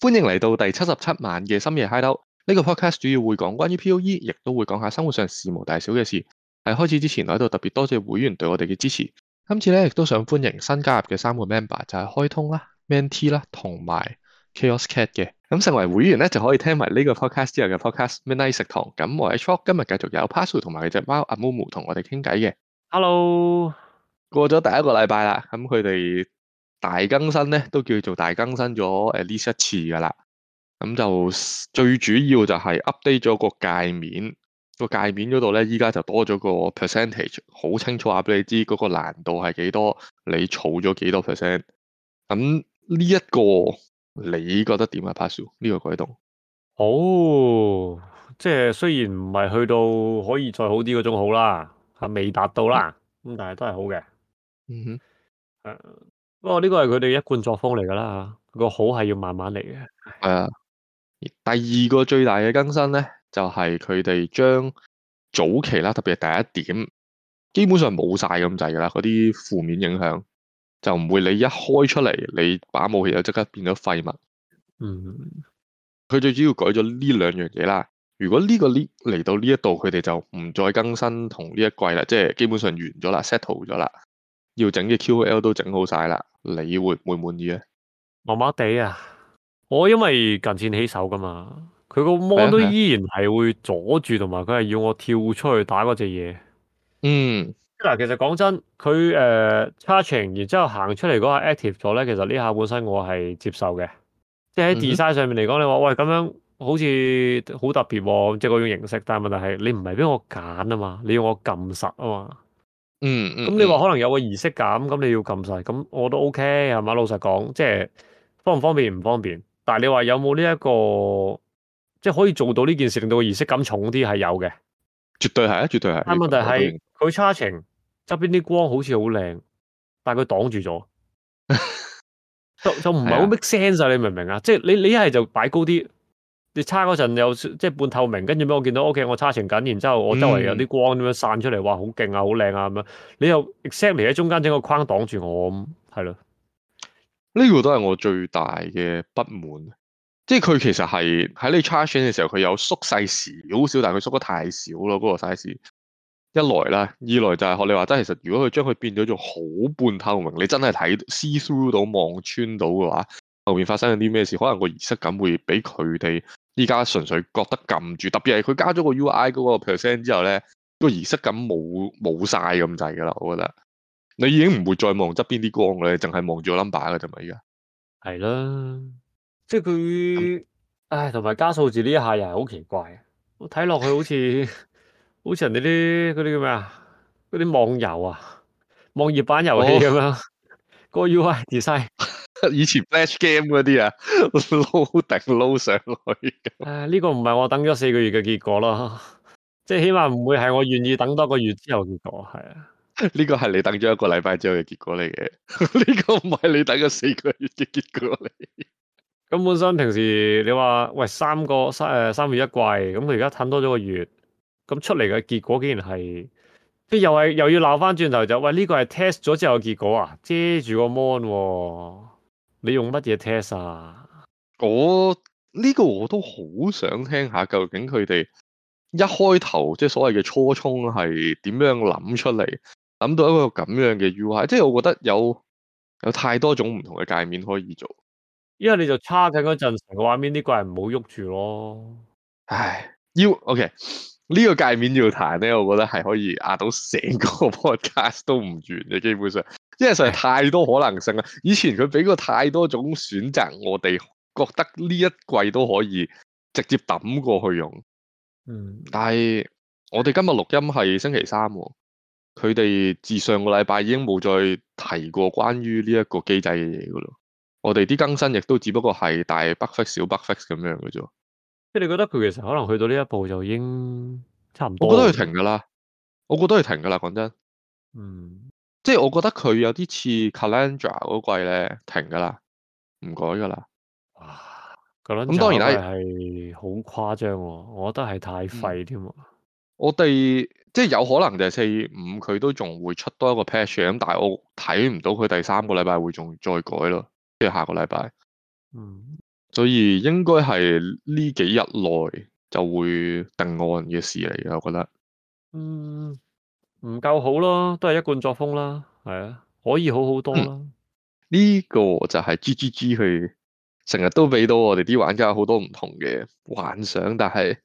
歡迎嚟到第七十七晚嘅深夜 Hideout，呢、這個 podcast 主要會講關於 PoE 亦都會講下生活上事無大小嘅事。喺開始之前來，我喺度特別多謝會員對我哋嘅支持。今次咧，亦都想歡迎新加入嘅三個 member，就係開通啦、Man T 啦同埋 Chaos Cat 嘅。咁、嗯、成為會員咧，就可以聽埋呢個 podcast 之後嘅 podcast Midnight 食堂。咁、嗯、我喺 Chok 今日繼續有 Pazu 同埋佢隻貓阿、啊、Momo 同我哋傾偈嘅。Hello，過咗第一個禮拜啦，咁佢哋。大更新咧，都叫做大更新咗誒呢一次噶啦。咁就最主要就係 update 咗個界面、個界面嗰度咧，依家就多咗個 percentage，好清楚話、啊、俾你知嗰個難度係幾多，你儲咗幾多 percent。咁呢一個你覺得點啊 Pazu 呢個改動好，即係雖然唔係去到可以再好啲嗰種好啦，係未達到啦。咁、mm hmm. 但係都係好嘅。嗯哼、mm，係、hmm. 不過呢個係佢哋一貫作風嚟噶啦吓，個好係要慢慢嚟嘅。係啊，第二個最大嘅更新咧，就係佢哋將早期啦，特別係第一點，基本上冇晒咁滯噶啦，嗰啲負面影響就唔會你一開出嚟，你把武器就即刻變咗廢物。嗯，佢最主要改咗呢兩樣嘢啦。如果呢個呢嚟到呢一度，佢哋就唔再更新同呢一季啦，即係基本上完咗啦，settle 咗啦。要整嘅 QOL 都整好晒啦，你會唔會滿意咧？麻麻地啊，我因為近戰起手噶嘛，佢個魔都依然係會阻住，同埋佢係要我跳出去打嗰隻嘢。嗯，嗱、呃，其實講真，佢誒 charging，然之後行出嚟嗰下 active 咗咧，其實呢下本身我係接受嘅，即係喺 design 上面嚟講，你話喂，咁樣好似好特別，啊，即係嗰種形式。但係問題係你唔係俾我揀啊嘛，你要我撳實啊嘛。嗯，嗯，咁、嗯、你話可能有個儀式感，咁、嗯嗯、你要撳晒，咁我都 OK，係嘛？老實講，即係方唔方便唔方便，但係你話有冇呢一個，即係可以做到呢件事，令到個儀式感重啲，係有嘅，絕對係 啊，絕對係。但問題係佢 charging 側邊啲光好似好靚，但係佢擋住咗，就就唔係好 make sense 啊？你明唔明啊？即係你你一係就擺高啲。你叉嗰陣又即係半透明，跟住俾我見到 O.K. 我叉成緊，然之後我周圍有啲光咁樣散出嚟，嗯、哇好勁啊，好靚啊咁樣。你又 exactly 喺中間整個框擋住我，係、嗯、咯？呢個都係我最大嘅不滿。即係佢其實係喺你 charge in 嘅時候，佢有縮細好少，但係佢縮得太少咯。嗰、那個 size 一來啦，二來就係學你話齋，其實如果佢將佢變咗做好半透明，你真係睇 see through 到望穿到嘅話，後面發生咗啲咩事，可能個儀式感會俾佢哋依家純粹覺得撳住，特別係佢加咗個 U I 嗰個 percent 之後咧，個儀式感冇冇晒咁滯噶啦，我覺得你已經唔會再望側邊啲光嘅，淨係望住個 number 嘅啫嘛，依家係啦，即係佢，嗯、唉，同埋加數字呢一下又係好奇怪，我睇落去好似 好似人哋啲嗰啲叫咩啊，嗰啲網遊啊，網頁版遊戲咁樣，哦、 個 U I 設計。以前 Flash game 嗰啲啊，撈定撈上去、哎。誒，呢個唔係我等咗四個月嘅結果咯，即 係起碼唔會係我願意等多個月之後結果，係啊。呢個係你等咗一個禮拜之後嘅結果嚟嘅，呢 個唔係你等咗四個月嘅結果。嚟。咁本身平時你話喂三個三誒、呃、三月一季，咁佢而家褪多咗個月，咁、嗯、出嚟嘅結果竟然係，即、就是、又係又要鬧翻轉頭就喂呢、這個係 test 咗之後嘅結果啊，遮住個 mon、哦。你用乜嘢 test 啊？我呢、這個我都好想聽下，究竟佢哋一開頭即係所謂嘅初衷係點樣諗出嚟，諗到一個咁樣嘅 UI，即係我覺得有有太多種唔同嘅界面可以做，因為你就叉緊嗰陣成個畫面呢個係唔好喐住咯。唉要 OK 呢個界面要彈咧，我覺得係可以壓到成個 podcast 都唔完嘅，基本上。因為實在太多可能性啦，以前佢俾過太多種選擇，我哋覺得呢一季都可以直接抌過去用。嗯，但係我哋今日錄音係星期三，哦，佢哋自上個禮拜已經冇再提過關於呢一個機制嘅嘢噶咯。我哋啲更新亦都只不過係大北 f 小北 fix 咁樣嘅啫。即係你覺得佢其實可能去到呢一步就已經差唔多我。我覺得佢停噶啦，我覺得佢停噶啦，講真。嗯。即係我覺得佢有啲似 Calandra 嗰季咧，停㗎喇，唔改㗎喇。哇、啊、咁、嗯、當然係係好誇張，我覺得係太廢添啊。我哋即係有可能就係四五，佢都仲會出多一個 patch，咁但係我睇唔到佢第三個禮拜會仲再改咯。即、就、住、是、下個禮拜，嗯，所以應該係呢幾日內就會定案嘅事嚟嘅，我覺得。嗯。唔夠好咯，都係一貫作風啦，係啊，可以好好多啦。呢、嗯呢個就係 G、G、G 佢成日都俾到我哋啲玩家好多唔同嘅幻想，但係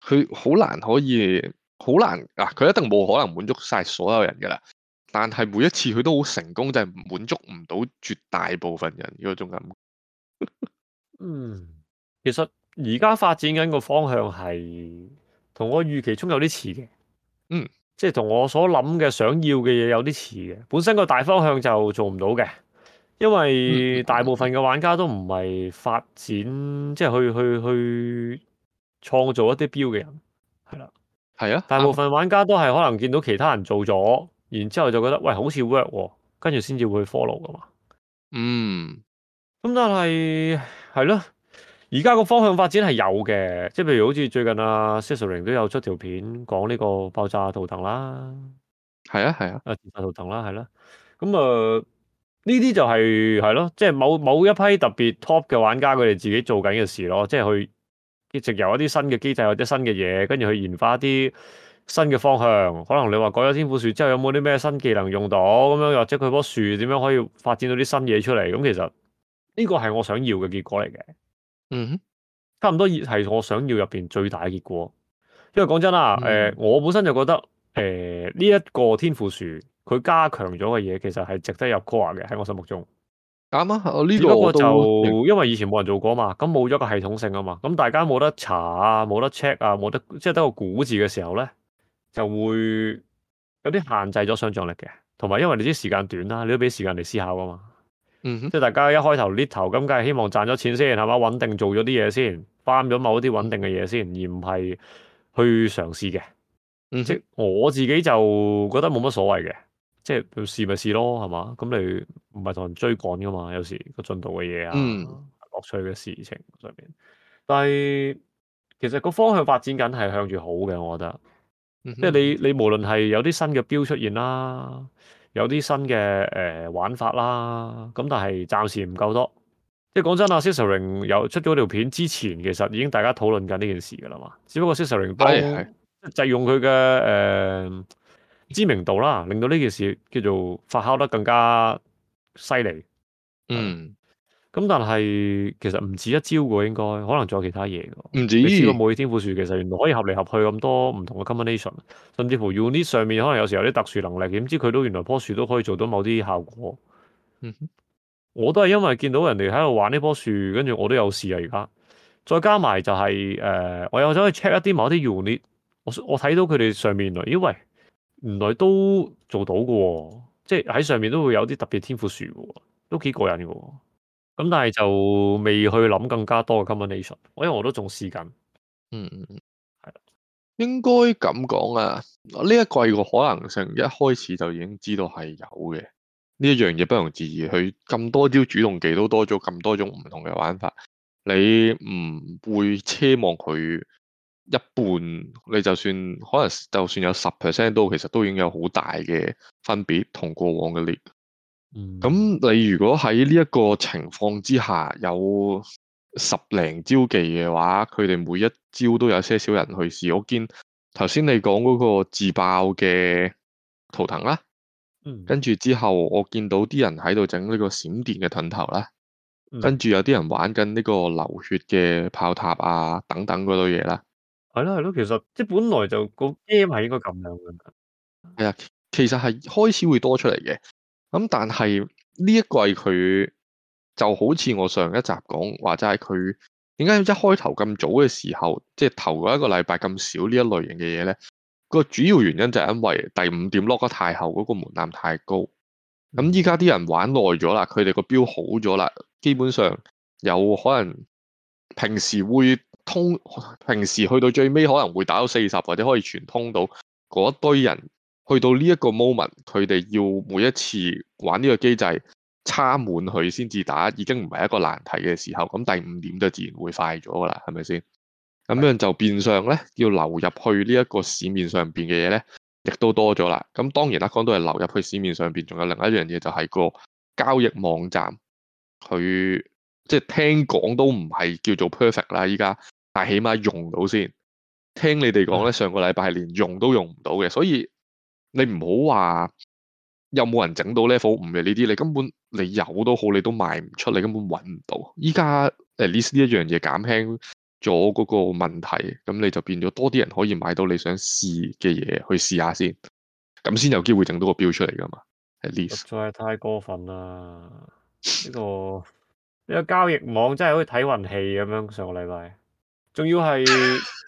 佢好難可以，好難嗱，佢、啊、一定冇可能滿足晒所有人噶啦。但係每一次佢都好成功，就係、是、滿足唔到絕大部分人嗰種感覺。 嗯，其實而家發展緊個方向係同我預期中有啲似嘅，嗯。即係同我所諗嘅想要嘅嘢有啲似嘅，本身個大方向就做唔到嘅，因為大部分嘅玩家都唔係發展，即係去去去創造一啲 build 嘅人，係啦，係啊的，大部分玩家都係可能見到其他人做咗，然之後就覺得喂好似 work，跟住先至會去 follow 噶嘛，嗯，咁但係係咯。而家個方向發展係有嘅，即係譬如好似最近阿、啊、Seslering 都有出條片講呢個爆炸圖騰啦，係啊係啊，爆炸、啊啊、圖騰啦係啦，咁啊呢啲、呃、就係係咯，即係、啊就是、某某一批特別 top 嘅玩家佢哋自己做緊嘅事咯，即係去藉由一啲新嘅機制或者新嘅嘢，跟住去研發一啲新嘅方向。可能你話改咗天賦樹之後有冇啲咩新技能用到咁樣，或者佢樖樹點樣可以發展到啲新嘢出嚟？咁其實呢個係我想要嘅結果嚟嘅。嗯哼，差唔多係我想要入邊最大嘅結果，因為講真啦，誒、嗯哼呃，我本身就覺得誒呢一個天賦樹佢加強咗嘅嘢，其實係值得入 core 嘅喺我心目中。啱、嗯、啊，呢個就因為以前冇人做過嘛，咁冇咗個系統性啊嘛，咁大家冇得查，得查啊，冇得 check 啊，冇得即係得個古字嘅時候咧，就會有啲限制咗想象力嘅，同埋因為你啲時間短啦、啊，你都俾時間嚟思考啊嘛。嗯，即係大家一開頭呢頭咁，梗係希望賺咗錢先，係嘛？穩定做咗啲嘢先，翻咗某啲穩定嘅嘢先，而唔係去嘗試嘅。嗯、哼即我自己就覺得冇乜所謂嘅，即係要試咪試咯，係嘛？咁你唔係同人追趕噶嘛？有時個進度嘅嘢啊，樂、嗯、趣嘅事情上邊，但係其實個方向發展緊係向住好嘅，我覺得。嗯、哼即係你你無論係有啲新嘅標出現啦。有啲新嘅、呃、玩法啦，咁但係暫時唔夠多。即係講真啊，Sistering 有出咗條片之前，其實已經大家討論緊呢件事嘅啦嘛。只不過 Sistering 都、哎、呀就用佢嘅、呃、知名度啦，令到呢件事叫做發酵得更加犀利。嗯。咁但係其實唔止一招嘅，應該可能仲有其他嘢嘅。唔止。你知道每個武器天賦樹其實原來可以合嚟合去咁多唔同嘅 combination，甚至乎 unit 上面可能有時有啲特殊能力，點知佢都原來樖樹都可以做到某啲效果。嗯、哼我都係因為見到人哋喺度玩呢樖樹，跟住我都有試啊。而家再加埋就係、是、誒、呃，我又想去 check 一啲某啲 unit，我我睇到佢哋上面來，咦喂，原來都做到嘅、哦，即係喺上面都會有啲特別天賦樹嘅，都幾過癮嘅。咁但係就未去諗更加多嘅 combination，我因為我都仲試緊，嗯係，的應該咁講啊，呢一季個可能性一開始就已經知道係有嘅，呢一樣嘢不容置疑，佢咁多招主動技都多咗咁多種唔同嘅玩法，你唔會奢望佢一半，你就算可能就算有十 percent 都，其實都已經有好大嘅分別同過往嘅 League。咁、嗯、你如果喺呢一個情況之下有十零招技嘅話，佢哋每一招都有些少人去試。我見頭先你講嗰個自爆嘅圖騰啦，嗯，跟住之後我見到啲人喺度整呢個閃電嘅盾頭啦，嗯、跟住有啲人玩緊呢個流血嘅炮塔啊，等等嗰類嘢啦。係咯係咯，其實即係本來就個 game 係應該咁樣嘅。係啊，其實係開始會多出嚟嘅。咁但係呢一季佢就好似我上一集講話，就係佢點解一開頭咁早嘅時候，即係頭嗰一個禮拜咁少呢一類型嘅嘢咧？個主要原因就係因為第五點 lock 得太後嗰個門檻太高。咁依家啲人玩耐咗啦，佢哋個標好咗啦，基本上有可能平時會通，平時去到最尾可能會打到四十或者可以全通到嗰一堆人。去到呢一個 moment，佢哋要每一次玩呢個機制，插滿佢先至打，已經唔係一個難題嘅時候。咁第五點就自然會快咗噶啦，係咪先？咁樣就變相咧，要流入去呢一個市面上邊嘅嘢咧，亦都多咗啦。咁當然啦，講到係流入去市面上邊，仲有另一樣嘢就係個交易網站，佢即係聽講都唔係叫做 perfect 啦，依家，但係起碼用到先。聽你哋講咧，上個禮拜係連用都用唔到嘅，所以。你唔好話有冇人整到 level 五嘅呢啲，你根本你有都好，你都賣唔出，你根本搵唔到。依家 at least 呢一樣嘢減輕咗嗰個問題，咁你就變咗多啲人可以買到你想試嘅嘢去試下先，咁先有機會整到個 build 出嚟㗎嘛。least 實在係太過分啦！呢、 呢個呢、呢個交易網真係好似睇運氣咁樣。上個禮拜仲要係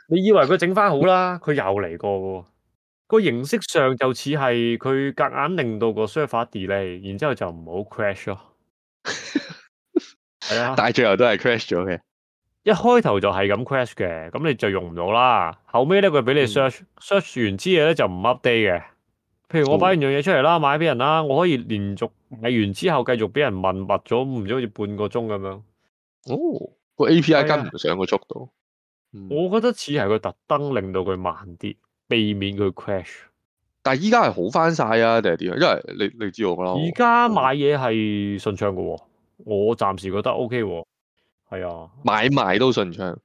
你以為佢整返好啦，佢又嚟過喎。個形式上就似係佢隔硬令到個 server delay，然之後就唔好 crash 咯。係 啊，但係最後都係 crash 咗嘅。一開頭就係咁 crash 嘅，咁你就用唔到啦。後尾咧，佢俾你 search search、嗯、se 完之嘢咧就唔 update 嘅。譬如我擺完樣嘢出嚟啦，哦、買俾人啦，我可以連續買完之後繼續俾人問密咗，唔知好似半個鐘咁樣。哦，個 API、啊、跟唔上個速度。我覺得似係佢特登令到佢慢啲。避免佢 crash，但係依家係好翻晒啊？定係點啊？因為你你知我噶啦，而家買嘢係順暢噶，我暫時覺得 OK，係啊，啊買賣都順暢，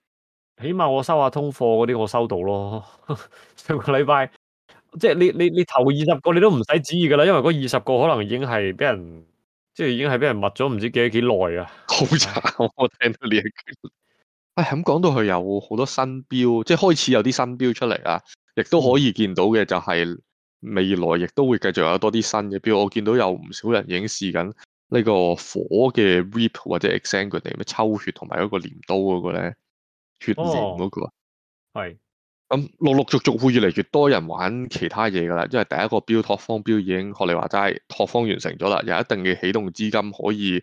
起碼我收下通貨嗰啲我收到咯。 上個禮拜即係你你你頭二十個你都唔使旨意噶啦，因為嗰二十個可能已經係俾人即係已經係俾人密咗唔知幾幾耐啊！好慘，我聽到你， 唉，咁講到佢有好多新標，即係開始有啲新標出嚟啊！亦都可以見到嘅就係未來，亦都會繼續有多啲新嘅標。我見到有唔少人已經試緊呢個火嘅 Reap 或者 Exsanguinate 嘅嘢，咩抽血同埋一個鐮刀嗰、那個咧，血神嗰、那個。係、哦。咁陸陸續續會越嚟越多人玩其他嘢噶啦，因為第一個標拓荒標已經學你話齋拓荒完成咗啦，有一定嘅起動資金可以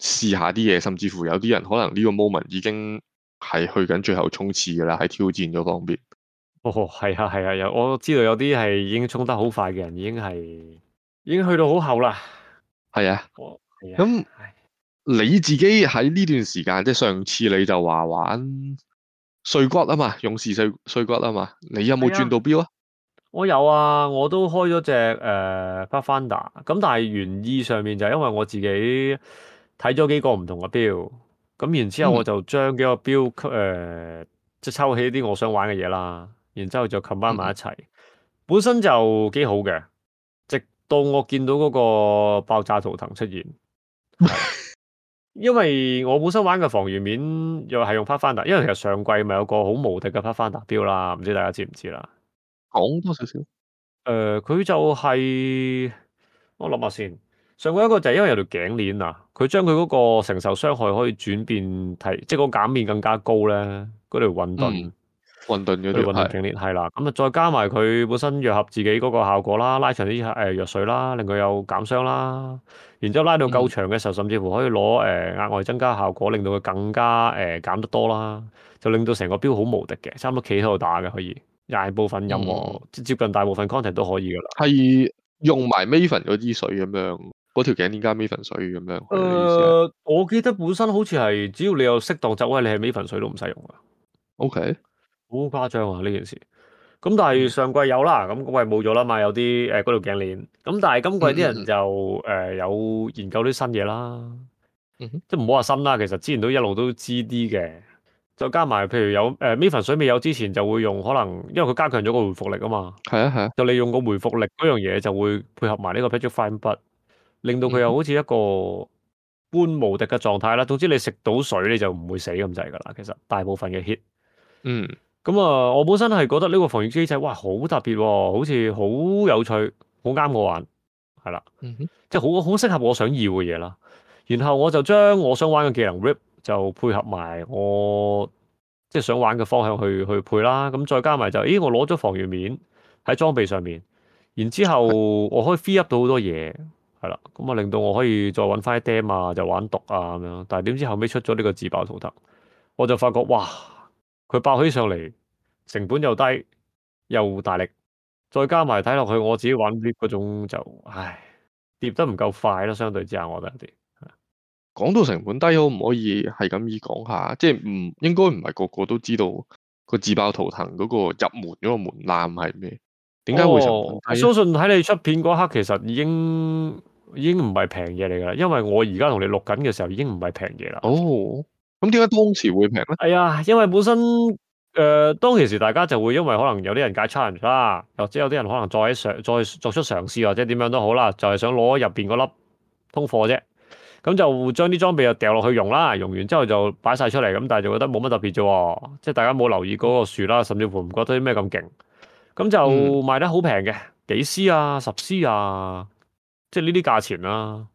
試下啲嘢，甚至乎有啲人可能呢個 moment 已經係去緊最後衝刺噶啦，喺挑戰嗰方面。哦，係、oh, 啊，係啊，有我知道有啲係已經衝得好快嘅人，已經係已經去到好後啦。係啊，咁、oh, 啊、你自己喺呢段時間，即係上次你就話玩碎骨啊嘛，勇士碎碎骨啊嘛，你有冇轉到標啊？我有啊，我都開咗隻誒 Pathfinder，咁、呃、但係原意上面就因為我自己睇咗幾個唔同嘅標，咁然之後我就將幾個標誒即係抽起啲我想玩嘅嘢啦。然之後就撳翻埋一齊，嗯、本身就幾好嘅。直到我見到嗰個爆炸圖騰出現， 因為我本身玩嘅防禦面又係用帕凡達，因為其實上季咪有個好無敵嘅帕凡達標啦，唔知大家知唔知啦？講多少少？誒、呃，佢就係、是、我諗下先，上季一個就係因為有條頸鏈啊，佢將佢嗰個承受傷害可以轉變提，即係個減免更加高咧，嗰條混沌。嗯混頓嗰啲係啦，咁啊了是再加埋佢本身藥合自己嗰個效果啦，拉長啲誒、呃、藥水啦，令佢有減傷啦。然之後拉到夠長嘅時候，嗯、甚至乎可以攞誒額外增加效果，令到佢更加誒減、呃、得多啦，就令到成個標好無敵嘅，差唔多企喺度打嘅可以，大部分任何、嗯、接近大部分 content 都可以噶啦。係用埋 Maven 嗰啲水咁樣，嗰條頸鍊加 Maven 水咁樣。誒、呃，我記得本身好似係，只要你有適當走位，你係 Maven 水都唔使用啊。OK。好誇張啊呢件事，咁但係上季有啦，咁嗰季冇咗啦嘛，有啲誒嗰條頸鏈，咁但係今季啲人就誒、嗯哼呃、有研究啲新嘢啦，嗯、哼即係唔好話新啦，其實之前都一路都知啲嘅，就加埋譬如有誒呢份水未有之前就會用，可能因為佢加強咗個回復力啊嘛，係啊係啊，啊就利用個回復力嗰樣嘢就會配合埋呢個 Petrified Blood，令到佢又好似一個半無敵嘅狀態啦，嗯、哼總之你食到水你就唔會死咁滯噶啦，其實大部分嘅 hit 嗯。咁啊，我本身係覺得呢個防禦機制，哇，好特別喎，哦，好似好有趣，好啱我玩，係啦，嗯、哼即係好好適合我想要嘅嘢啦。然後我就將我想玩嘅技能 rip 就配合埋我即係想玩嘅方向去去配啦。咁再加埋就，咦，我攞咗防御面喺裝備上面，然之後我可以 free up 到好多嘢，係啦。咁啊，令到我可以再揾翻啲 damage 就玩毒啊咁樣。但係點知後尾出咗呢個自爆圖騰，我就發覺，哇！佢爆起上嚟，成本又低又大力，再加埋睇落去，我自己玩啲嗰種就，唉，跌得唔夠快咯，相對之下我覺得啲講到成本低可唔可以係咁易講下？即係唔應該唔係個個都知道個自爆圖騰嗰個入門嗰個門檻係咩？點解、哦、會成本低？相信喺你出片嗰刻，其實已經已經唔係平嘢嚟噶，因為我而家同你錄緊嘅時候已經唔係平嘢啦。哦。咁點解當時會平咧？係啊、哎，因為本身誒、呃，當其時大家就會因為可能有啲人解 challenge 啦，或者有啲人可能再嘗再作出嘗試，或者點樣都好啦，就係、是、想攞入邊個粒通貨啫。咁就將啲裝備又掉落去用啦，用完之後就擺晒出嚟。咁但係就覺得冇乜特別啫，即係大家冇留意嗰個樹啦，甚至乎唔覺得啲咩咁勁。咁就賣得好平嘅，嗯、幾 C 啊，十 C 啊，即係呢啲價錢啦、啊。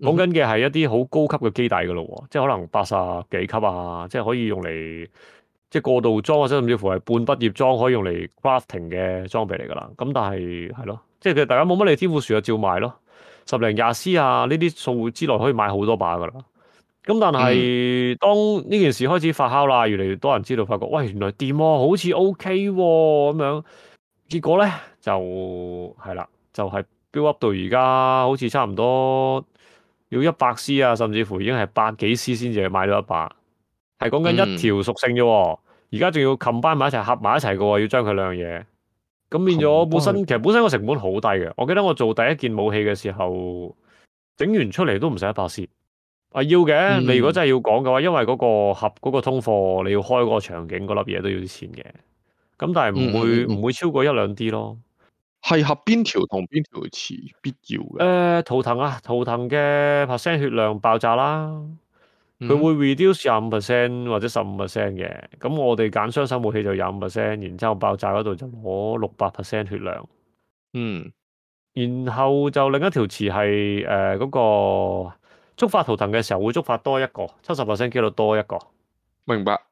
講緊嘅係一啲好高級嘅基底噶咯，即係可能八十幾級啊，即係可以用嚟即係過渡裝或者甚至乎係半畢業裝，可以用嚟 crafting 嘅裝備嚟噶啦。咁但係係咯，即係其實大家冇乜你天賦樹啊，照賣咯，十零廿絲啊呢啲數之內可以買好多把噶啦。咁但係當呢件事開始發酵啦，越嚟越多人知道，發覺喂，原來掂喎、啊，好似 OK 喎、啊、咁樣。結果咧就係啦，就係、就是、build up 到而家好似差唔多。要一百 C 啊，甚至乎已經係百幾 C 先至去買到 100, 一百，係講緊一條屬性啫。而家仲要冚班埋一齊，合埋一齊嘅喎，要將佢兩樣嘢，咁變咗本身、嗯、其實本身個成本好低嘅。我記得我做第一件武器嘅時候，整完出嚟都唔使一百 C、啊。要嘅，你如果真係要講嘅話，因為嗰個合嗰、嗰個通貨，你要開嗰個場景嗰粒嘢都要啲錢嘅，咁但係唔會唔、嗯、會超過一兩 D 咯。係合邊條同邊條詞必要嘅？誒、呃，圖騰啊，圖騰嘅 percent 血量爆炸啦，佢會 reduce 廿五 percent 或者十五 percent 嘅。咁我哋揀雙手武器就廿五 percent，然之後爆炸嗰度就攞六百 percent 血量。嗯，然後就另一條詞係誒嗰個觸發圖騰嘅時候會觸發多一個七十 percent 幾率多一個，明白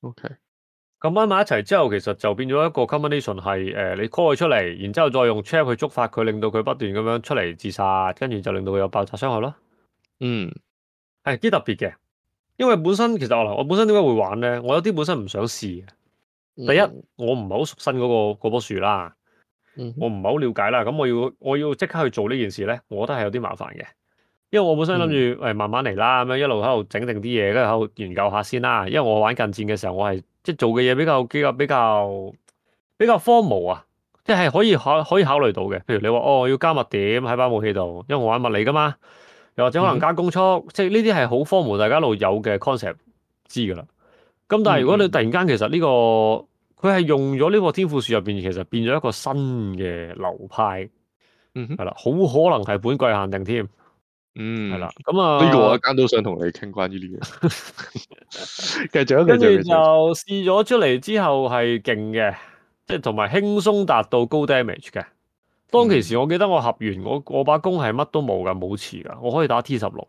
？Okay. 咁揾埋一齊之後，其實就變咗一個 combination 係誒、呃，你 call 佢出嚟，然之後再用 trap 去觸發佢，令到佢不斷咁樣出嚟自殺，跟住就令到佢有爆炸傷害咯。嗯，係幾特別嘅，因為本身其實我嚟，我本身點解會玩咧？我有啲本身唔想試嘅。第一，我唔係好熟悉嗰、嗰個嗰棵、嗰個、樹啦，嗯、哼我唔係好了解啦。咁我要我要即刻去做呢件事咧，我覺得係有啲麻煩嘅，因為我本身諗住誒慢慢嚟啦，咁樣一路喺度整定啲嘢，跟住喺度研究下先啦。因為我玩近戰嘅時候我，我係即係做嘅嘢比較比較比較比較荒謬啊！即係可以考可以考慮到嘅，譬如你話哦要加物點喺把武器度，因為我玩物理噶嘛，又或者可能加攻速，嗯、哼即係呢啲係好荒謬，大家一路有嘅 concept 知噶啦。咁但係如果你突然間其實呢、呢個佢係用咗呢個天賦樹入邊，其實變咗一個新嘅流派，嗯，係啦哼，好可能係本季限定添。嗯，係啦，咁啊，呢個我一間都想同你傾關於呢嘢，繼 續，一繼續一，跟住就試咗出嚟之後係勁嘅，即係同埋輕鬆達到高 damage 嘅。當其時我記得我合完我我把弓係乜都冇噶，冇刺噶，我可以打 T 十六，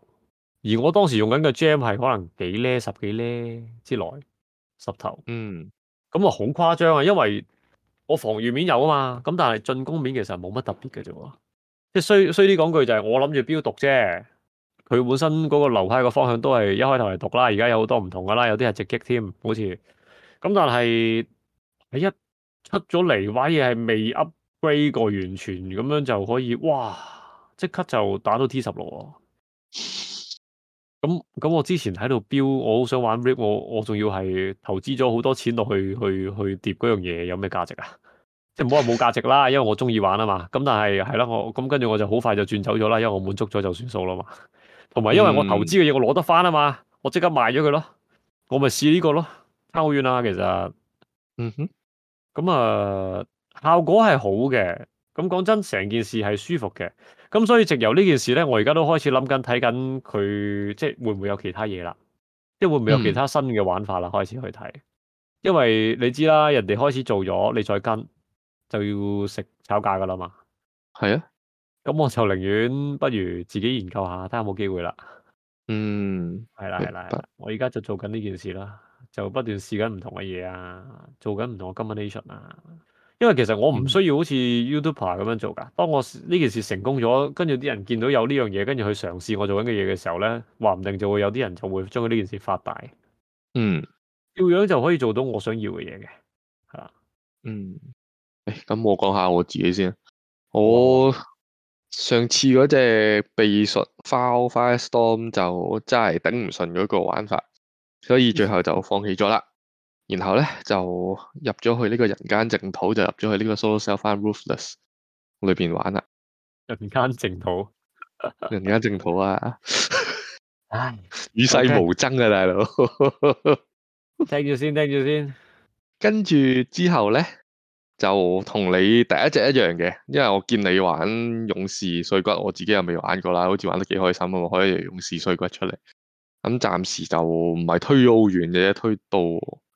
而我當時用緊嘅 gem 係可能幾厘、十幾厘之內十頭，嗯，咁啊好誇張啊，因為我防禦面有啊嘛，咁但係進攻面其實冇乜特別嘅啫。即係衰衰啲講句就係我諗住標毒啫，佢本身嗰個流派個方向都係一開頭嚟毒啦，而家有好多唔同噶啦，有啲係直擊添，好似咁，但係你一出咗嚟，啲嘢係未 upgrade 過完全，咁樣就可以，哇！即刻就打到 T 十六啊！咁咁，我之前喺度標，我好想玩 Rip，我我仲要係投資咗好多錢落去，去去疊嗰樣嘢，有咩價值啊？即係唔好話冇價值啦，因為我中意玩啊嘛。咁但係係啦，我咁跟住我就好快就轉走咗啦，因為我滿足咗就算數啦嘛。同埋因為我投資嘅嘢，我攞得返啊嘛，我即刻賣咗佢咯。我咪試呢個咯，差好遠啊其實。嗯哼。咁啊、嗯，效果係好嘅。咁講真，成件事係舒服嘅。咁所以直由呢件事咧，我而家都開始諗緊睇緊佢，即係會唔會有其他嘢啦？即係會唔會有其他新嘅玩法啦？嗯、開始去睇。因為你知啦，人哋開始做咗，你再跟。就要食炒價噶啦嘛，係啊，咁我就寧願不如自己研究下，睇下有冇機會啦。嗯，係啦，係啦，係啦，我而家就在做緊呢件事啦，就不斷試緊唔同嘅嘢啊，做緊唔同嘅 combination 啊。因為其實我唔需要好似 YouTuber 咁樣做噶。當我呢件事成功咗，跟住啲人見到有呢樣嘢，跟住去嘗試我做緊嘅嘢嘅時候咧，話唔定就會有啲人就會將佢呢件事發大。嗯，要樣就可以做到我想要嘅嘢嘅，係啦、啊，嗯。誒，咁我講下我自己先。我上次嗰隻秘術 Fall Fire Storm 就真係頂唔順嗰個玩法，所以最後就放棄咗啦。然後咧就入咗去呢個人間淨土，就入咗去呢個 Solo Self Found Ruthless 裏邊玩啦。人間淨土，人間淨土啊！唉，與世無爭啊大佬。 聽住先，聽住先。跟住之後咧？就同你第一隻一樣嘅，因為我見你玩勇士碎骨，我自己又未玩過啦，好似玩得幾開心啊，我可以勇士碎骨出嚟。咁暫時就唔係推咗好遠嘅，推到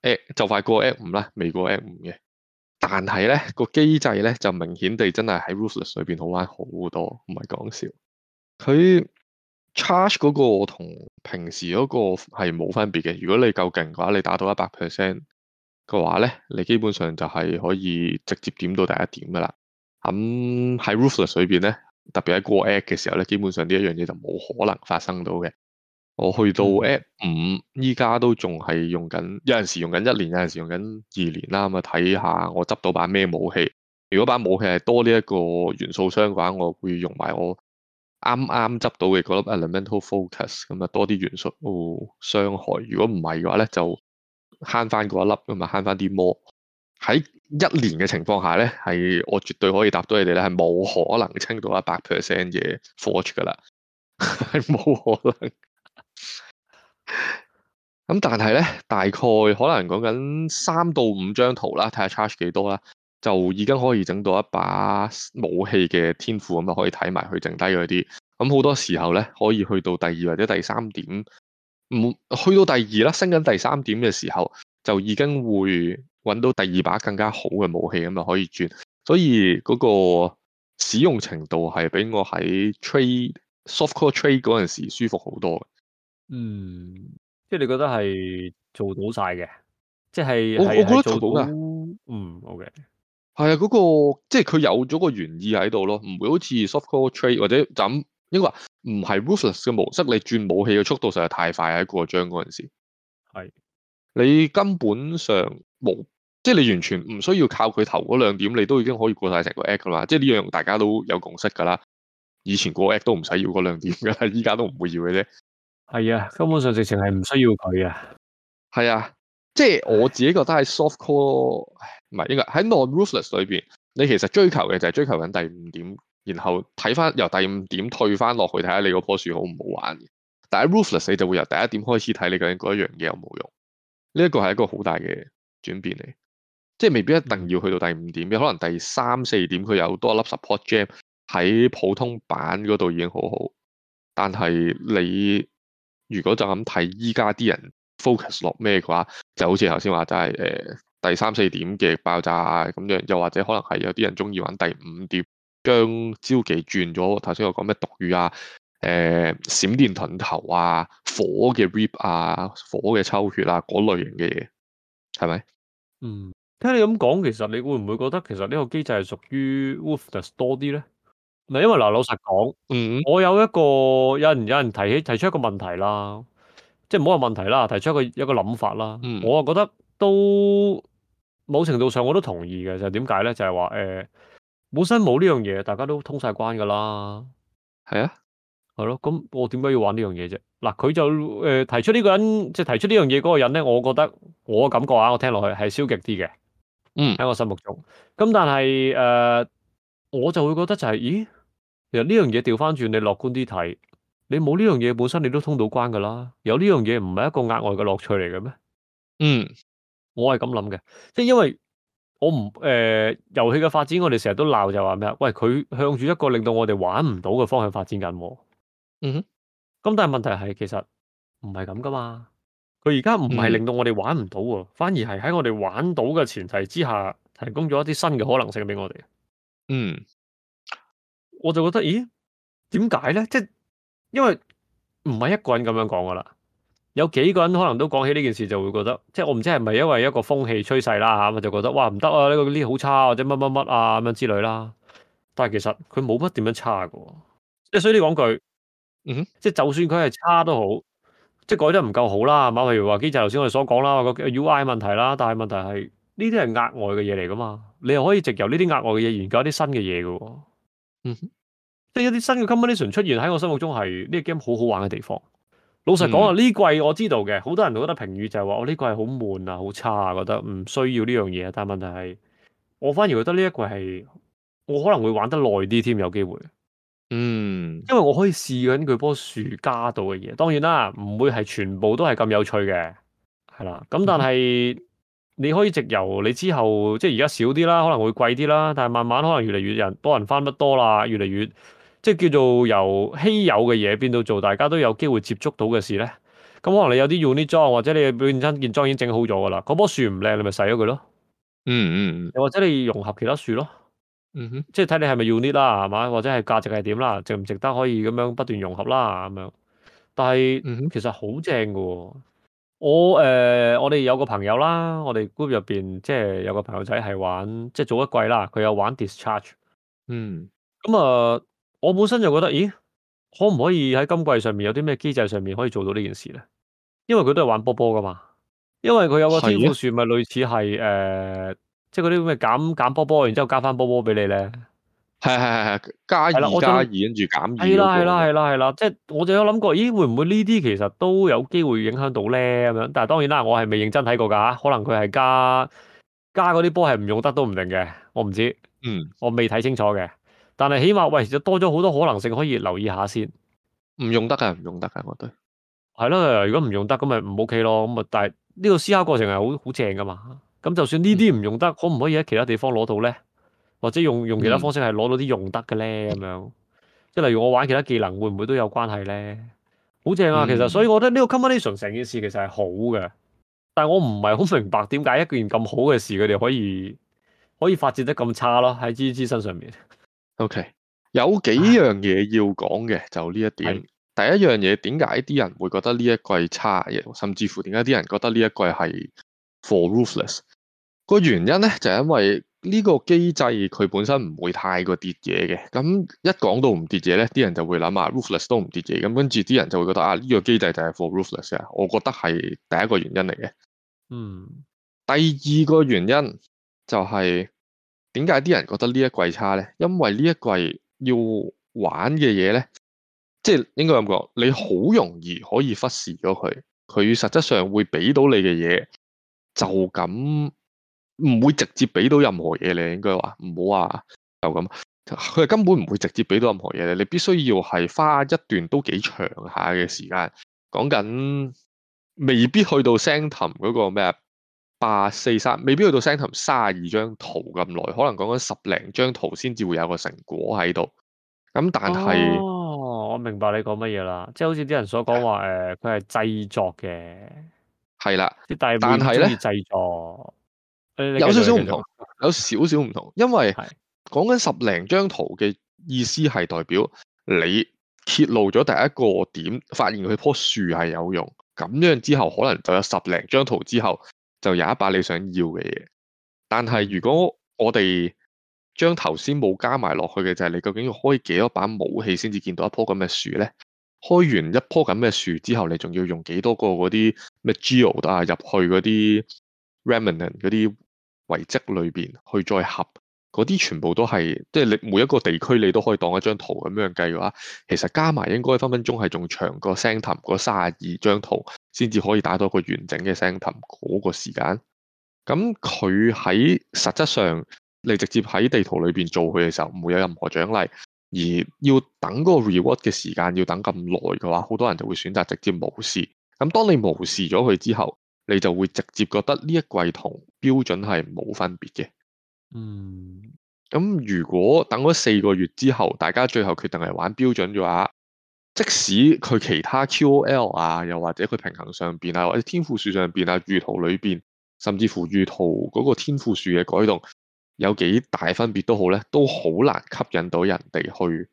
A 就快過 F 五啦，未過 F 五嘅。但係咧、呢個機制咧就明顯地真係喺 Ruthless 裏邊好玩好多，唔係講笑。佢 Charge 嗰個同平時嗰個係冇分別嘅，如果你夠勁嘅話，你打到一百 percent。嘅話咧，你基本上就係可以直接點到第一點嘅啦。咁、嗯、喺 Ruthless 裡面咧，特別喺過 Act 嘅時候咧，基本上呢一樣嘢就冇可能發生到嘅。我去到 Act 五，依家都仲係用緊，有陣時用緊一年，有陣時用緊二年啦。咁啊睇下我執到把咩武器。如果把武器係多呢一個元素傷嘅話，我會用埋我啱啱執到嘅嗰粒 Elemental Focus，咁啊多啲元素哦，傷害。如果唔係嘅話咧，就慳翻嗰一粒，咁啊慳翻啲魔。喺一年嘅情況下咧，係我絕對可以答到你哋咧，係冇可能清到一百 percent 嘅 Forge 噶啦，係冇 可能。咁 但係咧，大概可能講緊三到五張圖啦，睇下 charge 幾多啦，就已經可以整到一把武器嘅天賦咁啊，可以睇埋佢剩低嗰啲。咁好多時候咧，可以去到第二或者第三點。唔去到第二啦，升緊第三點嘅時候，就已經會搵到第二把更加好嘅武器咁啊，可以轉，所以嗰個使用程度係比我喺 tr trade soft core trade 嗰陣時舒服好多嘅。嗯，即係你覺得係做到晒嘅，即係我是我覺得做到噶。嗯，OK，係啊，嗰個即係佢有咗個原意喺度咯，唔會好似 soft core trade 或者噉。應該話唔係 Ruthless 嘅模式，你轉武器嘅速度實在太快，喺過張嗰陣時，係是你根本上冇，即係你完全唔需要靠佢頭嗰兩點，你都已經可以過晒成個 Act 噶啦。即係呢樣大家都有共識噶啦。以前過 Act 都唔使要嗰兩點噶，依家都唔會要嘅啫。係啊，根本上直情係唔需要佢啊。係啊，即係是我自己覺得喺 soft call 唔係應該喺 non Ruthless 裏邊，你其實追求嘅就係追求緊第五點。然後睇翻由第五點退翻落去睇下你嗰棵樹好唔好玩嘅，但係 Ruthless 你就會由第一點開始睇你究竟嗰一樣嘢有冇用。呢一個係一個好大嘅轉變嚟，即係未必一定要去到第五點，可能第三四點佢有多粒 support gem 喺普通版嗰度已經好好，但係你如果就咁睇依家啲人 focus 落咩嘅話，就好似頭先話就係誒第三四點嘅爆炸咁樣，又或者可能係有啲人中意玩第五點。將朝期轉咗，頭先我講咩毒雨啊，誒、呃、閃電盾頭啊，火嘅 rip 啊，火嘅抽血啊，嗰類型嘅嘢係咪？嗯，聽你咁講，其實你會唔會覺得其實個機，呢個機制係屬於 Wolfers 多啲咧？嗱，因為嗱、呃，老實講，嗯，我有一個有人，有人提起提出一個問題啦，即係唔好話問題啦，提出一個一個諗法啦，嗯、我啊覺得都某程度上我都同意嘅，就係點解咧？就係話誒。呃本身冇呢樣嘢，大家都通晒關噶啦。係啊，係咯。咁我點解要玩呢樣嘢啫？嗱，佢就誒提出呢個人，即係提出呢樣嘢嗰個人咧，我覺得我感覺啊，我聽落去係消極啲嘅。嗯。喺我心目中，咁但係誒，我就會覺得就係，咦？其實呢樣嘢調翻轉，你樂觀啲睇，你冇呢樣嘢本身你都通到關噶啦。有呢樣嘢唔係一個額外嘅樂趣嚟嘅咩？嗯，我係咁諗嘅，即係因為。我唔，誒，遊戲嘅發展，我哋成日都鬧就話咩啊？喂，佢向住一個令到我哋玩唔到嘅方向發展緊喎。嗯哼。咁但係問題係，其實唔係咁噶嘛。佢而家唔係令到我哋玩唔到啊，反而係喺我哋玩到嘅前提之下，提供咗一啲新嘅可能性俾我哋。嗯，我就覺得，咦，點解咧？即係因為唔係一個人咁樣講噶啦。有幾個人可能都講起呢件事就會覺得，即係我唔知係咪因為一個風氣趨勢啦嚇，我就覺得哇唔得啊！呢個啲好差或者乜乜乜啊咁樣之類啦。但係其實佢冇乜點樣的差嘅，即係所以你講句，嗯哼，即係就算佢係差都好，即係改得唔夠好啦。咁譬如話機制頭先我哋所講啦，個 UI 問題啦。但係問題係呢啲係額外嘅嘢嚟噶嘛，你又可以藉由呢啲額外嘅嘢研究一啲新嘅嘢嘅。嗯哼，即係一啲新嘅 combination 出現喺我心目中係呢個 game 好好玩嘅地方。老實講啊，呢季我知道嘅，好多人覺得評語就係話我呢季好悶啊，好差啊，覺得唔需要呢樣嘢。但問題係，我反而覺得呢一季係我可能會玩得耐啲添，有機會。嗯，因為我可以試緊佢樖樹加到嘅嘢。當然啦，唔會係全部都係咁有趣嘅，係啦。咁但係你可以直郵，你之後即係而家少啲啦，可能會貴啲啦。但係慢慢可能越嚟越人多人翻得多啦，越嚟越。即係叫做由稀有嘅嘢變到做大家都有機會接觸到嘅事咧，咁可能你有啲 unique 裝，或者你本身件裝已經整好咗噶啦，嗰樖樹唔靚，你咪洗咗佢咯。嗯嗯，嗯或者你融合其他樹咯。嗯哼，嗯即係睇你係咪 unique 啦，係嘛？或者係價值係點啦，值唔值得可以咁樣不斷融合啦咁樣。但係、嗯嗯、其實好正嘅喎，我誒、呃、我哋有個朋友啦，我哋 group 入邊即係有個朋友仔係玩即係早一季啦，佢有玩 discharge、嗯嗯。嗯，咁、嗯、啊～我本身就覺得，咦，可唔可以喺今季上面有啲咩機制上面可以做到呢件事咧？因為佢都係玩波波噶嘛，因為佢有個天賦樹咪類似係誒的、呃，即係嗰啲咁嘅減減波波，然之後加翻波波俾你咧。係係係係加二 2, 加二跟住減二、那個。係啦係啦係啦係啦，即係我就有諗過，咦，會唔會呢啲其實都有機會影響到咧？咁樣，但係當然啦，我係未認真睇過噶，可能佢係加加嗰啲波係唔用得都唔定嘅，我唔知，嗯，我未睇清楚嘅。但係起碼喂，其實多咗好多可能性可以留意下先。唔用得噶，唔用得噶，我對。係咯，如果唔用得咁咪唔 OK 咯。咁啊，但係呢個思考過程係好好正噶嘛。咁就算呢啲唔用得，可唔可以喺、嗯、其他地方攞到咧？或者用用其他方式係攞到啲用得嘅咧？咁樣即係例如我玩其他技能，會唔會都有關係咧？好正啊，嗯、其實，所以我覺得呢個 combination 成件事其實係好嘅。但係我唔係好明白點解一件咁好嘅事，佢哋可以可以發展得咁差咯？喺 GGG 身上面。OK，有幾樣嘢，要講嘅，就呢一點。的第一樣嘢，點解啲人會覺得呢一季差嘅，甚至乎點解啲人覺得呢一季係 for ruthless 個原因咧？就係因為呢個機制佢本身唔會太過跌嘢嘅。咁一講到唔跌嘢咧，啲人就會諗啊，ruthless 都唔跌嘢，咁跟住啲人就會覺得啊，呢個機制就係 for ruthless 嘅。我覺得係第一個原因嚟嘅。嗯，第二個原因就係。點解啲人覺得呢一季差咧？因為呢一季要玩嘅嘢咧，即係應該咁講，你好容易可以忽視咗佢，佢實質上會俾到你嘅嘢，就咁唔會直接俾到任何嘢你應該，應該話唔好話就咁，佢根本唔會直接俾到任何嘢你，你必須要係花一段都幾長下嘅時間，講緊未必去到 Sanctum 嗰個咩？八四三，未必去到三十二張圖咁耐，可能講緊十零張圖先至會有個成果喺度。咁、嗯、但係，哦，我明白你講乜嘢啦，即係好似啲人所講話，誒是，佢係、呃、製作嘅，係啦的，啲大媒中意製作，有少少唔同，有少少唔同，因為講緊的十零張圖嘅意思係代表你揭露咗第一個點，發現佢樖樹係有用，咁樣之後可能就有十零張圖之後。就有一把你想要嘅嘢，但係如果我哋將頭先冇加埋落去嘅就係、是、你究竟要開幾多把武器先至見到一棵咁嘅樹咧？開完一棵咁嘅樹之後，你仲要用幾多個嗰啲咩 geode 入、啊、去嗰啲 remnant 嗰啲遺跡裏邊去再合嗰啲，全部都係即係你每一個地區你都可以當一張圖咁樣計嘅話，其實加埋應該分分鐘係仲長過聖壇嗰卅二張圖。先至可以打到一個完整嘅聲氹嗰個時間，咁佢喺實質上，你直接喺地圖裏邊做佢嘅時候，唔會有任何獎勵，而要等嗰個 reward 嘅時間要等咁耐嘅話，好多人就會選擇直接無視。咁當你無視咗佢之後，你就會直接覺得呢一季同標準係冇分別嘅。嗯，咁如果等咗四個月之後，大家最後決定係玩標準嘅話，即使佢其他 QOL 啊，又或者佢平衡上邊啊，或者天賦樹上邊啊，輿圖裏邊，甚至乎輿圖嗰個天賦樹嘅改動有幾大分別都好咧，都好難吸引到人哋去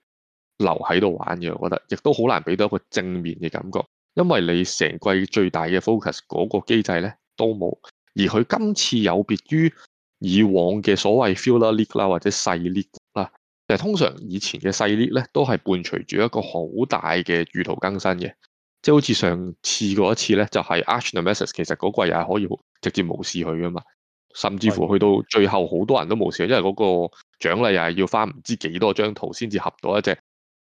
留喺度玩嘅，我覺得，亦都好難俾到一個正面嘅感覺，因為你成季最大嘅 focus 嗰個機制咧都冇，而佢今次有別於以往嘅所謂 filler league 啦，或者細 league。其實通常以前嘅勢力咧，都係伴隨住一個好大嘅預圖更新嘅，即係好似上次嗰一次咧，就係 Archnemesis，其實嗰季又係可以直接無視佢噶嘛，甚至乎去到最後好多人都冇事，因為嗰個獎勵又係要翻唔知幾多張圖先至合到一隻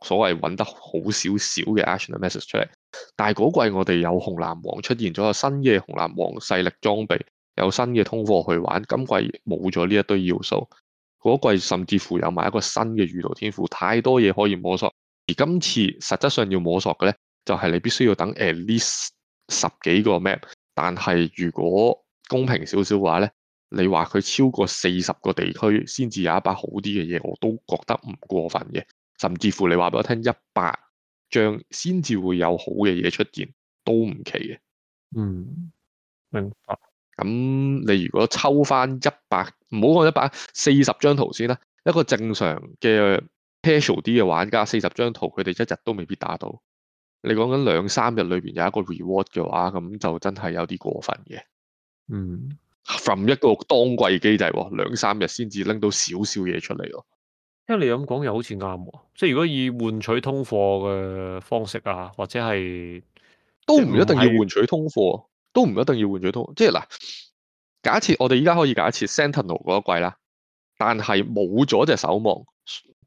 所謂搵得好少少嘅 Archnemesis 出嚟。但係嗰季我哋有紅藍王出現咗一個新嘅紅藍王勢力裝備，有新嘅通貨去玩，今季冇咗呢一堆要素。嗰季甚至乎有埋一個新嘅預道天賦，太多嘢可以摸索。而今次實質上要摸索嘅咧，就係、是、你必須要等 at least 十幾個 map。但係如果公平少少嘅話咧，你話佢超過四十個地區先至有一把好啲嘅嘢，我都覺得唔過分嘅。甚至乎你話俾我聽一百張先至會有好嘅嘢出現，都唔奇嘅。嗯，明白。咁你如果抽翻一百，唔好講一百，四十張圖先啦。一個正常嘅 casual 啲嘅玩家，四十張圖佢哋一日都未必打到。你講緊兩三日裏邊有一個 reward 嘅話，咁就真係有啲過分嘅。嗯，From 一個當季機制，兩三日先至拎到少少嘢出嚟咯。因為你咁講又好似啱。哦，即係如果以換取通貨嘅方式啊，或者係都唔一定要換取通貨。都唔一定要換咗一通，即係嗱，假設我哋依家可以假設 Sentinel 嗰一季啦，但係冇咗隻守望，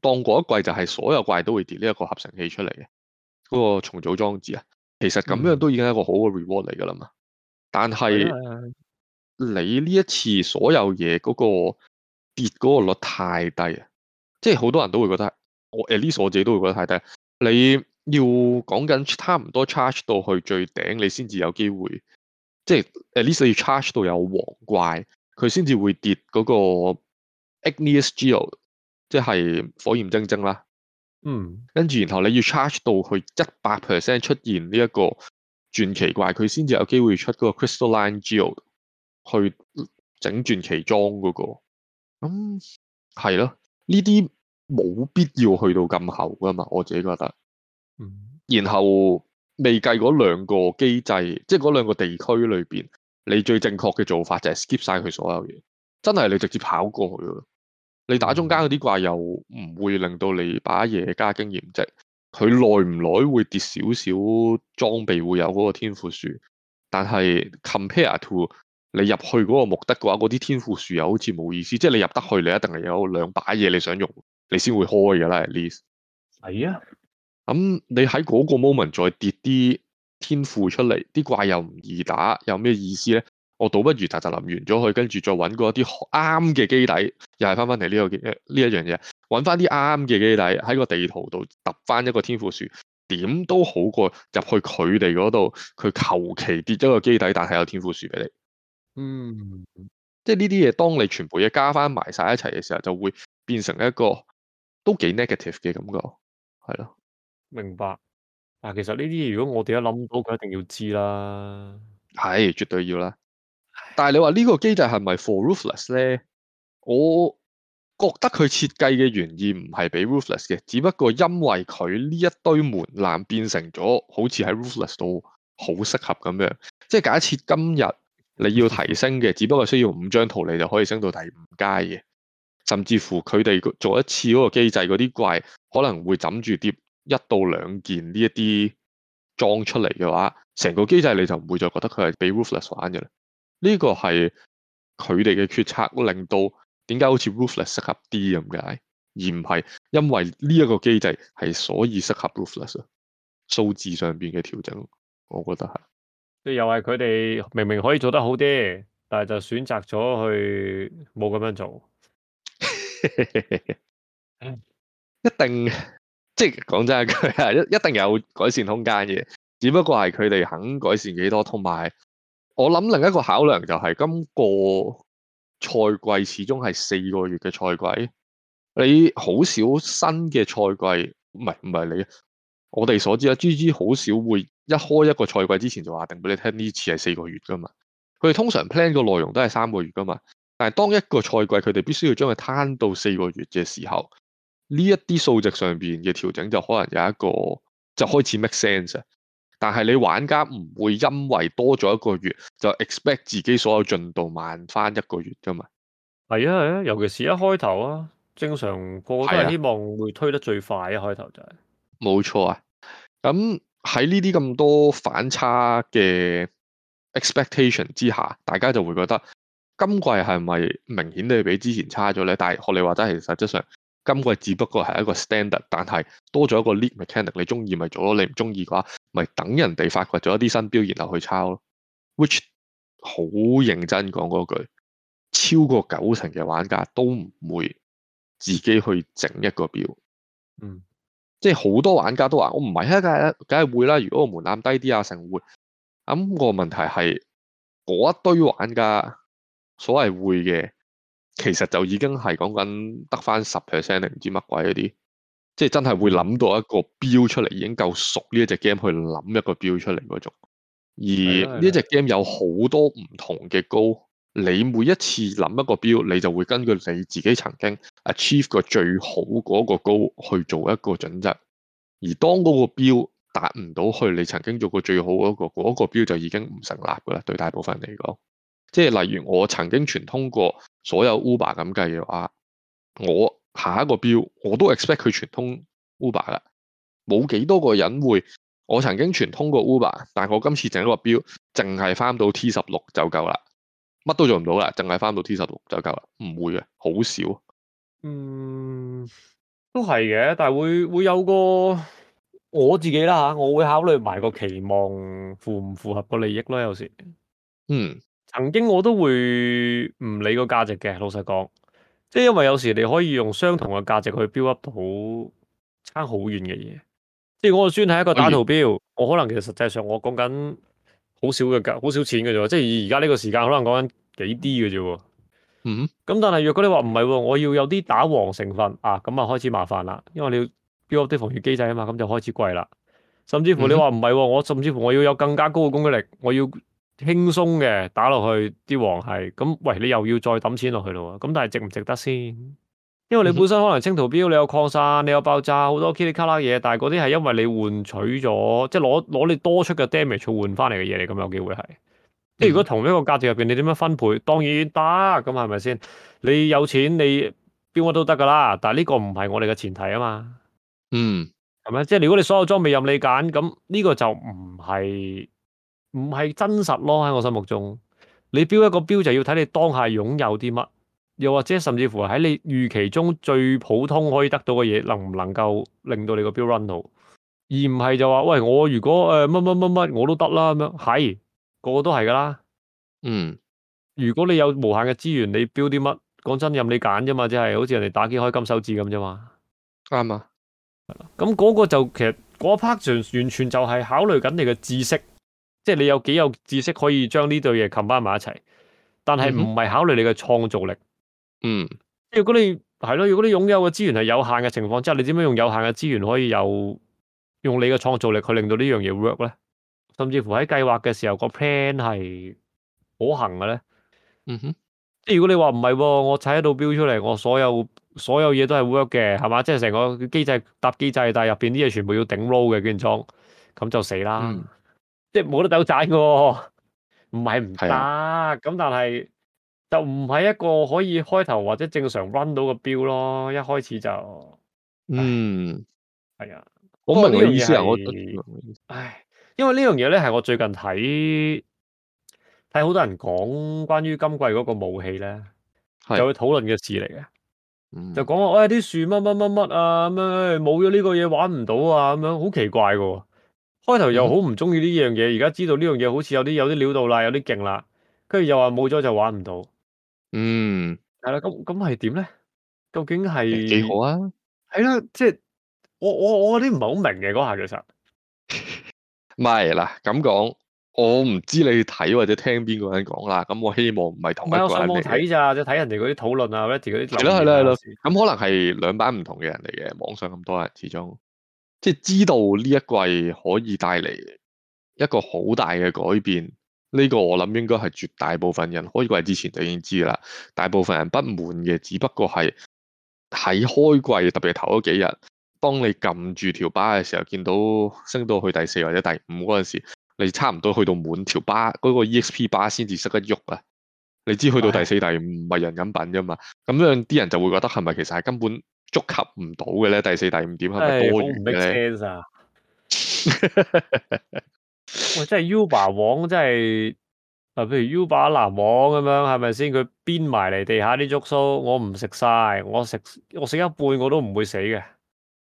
當嗰一季就係所有季都會跌呢一個合成器出嚟嘅嗰個重組裝置啊，其實咁樣都已經一個好嘅 reward 嚟噶啦嘛。嗯、但係你呢一次所有嘢嗰個跌嗰個率太低啊，即係好多人都會覺得，我 Atli 自己都會覺得太低。你要講緊差唔多 charge 到去最頂，你先至有機會。即係 at least 要 charge 到有王怪，佢先至會跌嗰個 Igneous Geo，即係火焰晶晶啦。嗯，跟住然後你要 charge 到佢一百 percent 出現呢一個傳奇怪，佢先至有機會出嗰個 Crystalline Geo 去整傳奇裝嗰、那個。咁係咯，呢啲冇必要去到咁厚噶嘛，我自己覺得。嗯，然後。未計嗰兩個機制，即係嗰兩個地區裏邊，你最正確嘅做法就係 skip 晒佢所有嘢，真係你直接跑過去咯。你打中間嗰啲怪又唔會令到你把嘢加經驗值，佢耐唔耐會跌少少裝備會有嗰個天賦樹，但係 compare to 你入去嗰個目的嘅話，嗰啲天賦樹又好似冇意思，即係你入得去你一定係有兩把嘢你想用，你先會開㗎啦。At least 係啊。咁、嗯、你喺嗰個 moment 再跌啲天賦出嚟，啲怪又唔易打，有咩意思咧？我倒不如咋咋臨完咗去，跟住再搵嗰一啲啱嘅基底，又係翻翻嚟呢個呢、啊、一樣嘢，搵翻啲啱嘅基底喺個地圖度揼翻一個天賦樹，點都好過入去佢哋嗰度，佢求其跌咗個基底，但係有天賦樹俾你。嗯，即係呢啲嘢，當你全部嘢加翻埋晒一齊嘅時候，就會變成一個都幾 negative 嘅感覺，係咯。明白，嗱、啊，其實呢啲嘢，如果我哋一諗到，佢一定要知啦，係絕對要啦。但係你話呢個機制係咪 for r u t h l e s s 咧？我覺得佢設計嘅原意唔係俾 r u t h l e s s 嘅，只不過因為佢呢一堆門檻變成咗，好似喺 r u t h l e s s 度好適合咁樣。即係假設今日你要提升嘅，只不過需要五張圖，你就可以升到第五階嘅。甚至乎佢哋做一次嗰個機制，嗰啲怪可能會枕住碟。一到兩件呢一啲裝出嚟嘅話，成個機制你就唔會再覺得佢係俾 Ruthless 玩嘅啦。呢、呢個係佢哋嘅決策會令到點解好似 Ruthless 適合啲咁解，而唔係因為呢一個機制係所以適合 Ruthless 啊？數字上邊嘅調整，我覺得係，即又係佢哋明明可以做得好啲，但係就選擇咗去冇咁樣做，一定。即係講真一，一一定有改善空間嘅，只不過係佢哋肯改善幾多，同埋我諗另一個考量就係、是、今個賽季始終係四個月嘅賽季，你好少新嘅賽季，唔係唔係你，我哋所知啊，G G 好少會一開一個賽季之前就話定俾你聽呢次係四個月噶嘛，佢哋通常 plan 個內容都係三個月噶嘛，但係當一個賽季佢哋必須要將佢攤到四個月嘅時候。呢一啲數值上邊嘅調整就可能有一個就開始 make sense 啊！但係你玩家唔會因為多咗一個月就 expect 自己所有進度慢翻一個月噶嘛？係啊係啊，尤其是一開頭啊，正常個個都係希望會推得最快，一開頭就係冇錯啊！咁喺呢啲咁多反差嘅 expectation 之下，大家就會覺得今季係咪明顯都比之前差咗咧？但係學你話齋，其實質上。今季只不過係一個 standard，但係多咗一個 league mechanic，你中意咪做咯，你唔中意嘅話，咪等人哋發掘咗一啲新標，然後去抄咯。Which 好認真講嗰句，超過九成嘅玩家都唔會自己去整一個表。嗯，即係好多玩家都話：我唔係一梗係梗係會啦。如果個門檻低啲啊，成會。咁、嗯嗰個問題係嗰一堆玩家所謂會嘅。其實就已經係講緊得翻十 percent 定唔知乜鬼嗰啲，即係真係會諗到一個標出嚟，已經夠熟呢一隻 game 去諗一個標出嚟嗰種。而呢隻 game 有好多唔同嘅高，你每一次諗一個標，你就會根據你自己曾經 achieve 過最好嗰一個高去做一個準則。而當嗰個標達唔到去你曾經做過最好嗰個嗰個標，嗰個標就已經唔成立噶啦，對大部分嚟講。即係例如我曾經傳通過所有 Uber 咁計嘅話，我下一個標，我都 expect 佢傳通 Uber 啦，冇幾多個人會。我曾經傳通過 Uber，但係我今次整一個標，淨係翻到 T 十六就夠啦，乜都做唔到啦，淨係翻到 T 十六就夠啦。唔會嘅，好少。嗯，都係嘅，但係會會有個我自己啦吓，我會考慮埋個期望符唔符合個利益咯，有時嗯。曾經我都會唔理個價值嘅，老實講，即係因為有時你可以用相同嘅價值去 build up 到差好遠嘅嘢。即係我果個磚係一個打圖標，可以我可能其實實際上我講緊好少嘅價，好少錢嘅啫。即係而家呢個時間可能講緊幾 D 嘅啫。嗯、mm，咁、hmm. 但係若果你話唔係，我要有啲打王成分啊，咁啊開始麻煩啦，因為你要 build up 啲防禦機制啊嘛，咁就開始貴啦。甚至乎你話唔係，mm hmm. 我甚至乎我要有更加高嘅攻擊力，我要。輕鬆嘅打落去啲黃系，咁喂你又要再抌錢落去咯喎，咁但係值唔值得先？因為你本身可能清圖標，你有擴散，你有爆炸，好多奇哩卡拉嘢，但係嗰啲係因為你換取咗，即係攞攞你多出嘅 damage 換翻嚟嘅嘢嚟，咁有機會係。即係如果同一個價值入邊，你點樣分配，當然得，咁係咪先？你有錢你邊個都得噶啦，但係呢個唔係我哋嘅前提啊嘛。嗯，係咪？即係如果你所有裝備任你揀，咁呢個就唔係唔係真實咯，喺我心目中，你標一個標就要睇你當下擁有啲乜，又或者甚至乎喺你預期中最普通可以得到嘅嘢，能唔能夠令到你個標 run 好，而唔係就話喂我如果誒乜乜乜乜我都得啦咁樣，係個個都係噶啦。嗯，如果你有無限嘅資源，你標啲乜？講真任你揀啫嘛，即係好似人哋打機開金手指咁啫嘛。啱啊、嗯。咁嗰個就其實嗰一 part 完全就係考慮緊你嘅知識。即係你有幾有知識可以將呢對嘢冚返埋一齊，但係唔係考慮你嘅創造力。嗯、mm hmm.，如果你係咯，如果你擁有嘅資源係有限嘅情況之下，你點樣用有限嘅資源可以有用你嘅創造力去令到呢樣嘢 work 咧？甚至乎喺計劃嘅時候，個 plan 係可行嘅咧？嗯哼、mm，hmm. 即係如果你話唔係，我踩喺度標出嚟，我所有所有嘢都係 work 嘅，係嘛？即係成個機制搭機制，但係入邊啲嘢全部要頂 low 嘅件裝，咁就死啦。Mm hmm. 即係冇得走賺嘅，唔係唔得咁，是的 但係就唔係一個可以開頭或者正常 run 到嘅標咯，一開始就嗯係啊，我明你意思啊，我唉，因為呢樣嘢咧係我最近睇睇好多人講關於今季嗰個武器咧，是的 就去討論嘅事嚟嘅，嗯、就講話我啲樹乜乜乜乜啊，咁樣冇咗呢個嘢玩唔到啊，咁樣好奇怪嘅、哦。開頭又好唔中意呢樣嘢，而家知道呢樣嘢好似有啲有啲料到啦，有啲勁啦，跟住又話冇咗就玩唔到。嗯，係啦，咁咁係點咧？究竟係幾好啊？係啦，即係我我我啲唔係好明嘅嗰下其實。唔係嗱，咁講我唔知你睇或者聽邊個人講啦。咁我希望唔係同一嗰班人。我上網睇咋，即係睇人哋嗰啲討論啊，或者嗰啲。係啦係啦係啦，咁可能係兩班唔同嘅人嚟嘅，網上咁多人，始終。即係知道呢一季可以帶嚟一個好大嘅改變，呢個我諗應該係絕大部分人開季之前就已經知㗎喇。大部分人不滿嘅，只不過係喺開季特別頭嗰幾日，當你撳住條巴嘅時候，見到升到去第四或者第五嗰陣時，你差唔多去到滿條巴嗰個 EXP 巴先至識得喐啊！你知去到第四、第五係的人品品㗎嘛？咁樣啲人就會覺得係咪其實係根本？觸及唔到嘅咧，第四、第五點係咪多餘咧？啊、 喂，真係 Uber 網真係啊，譬如 Uber 藍網咁樣，係咪先？佢編埋嚟地下啲竹蘇，我唔食晒。我食，我食一半，我都唔會死嘅。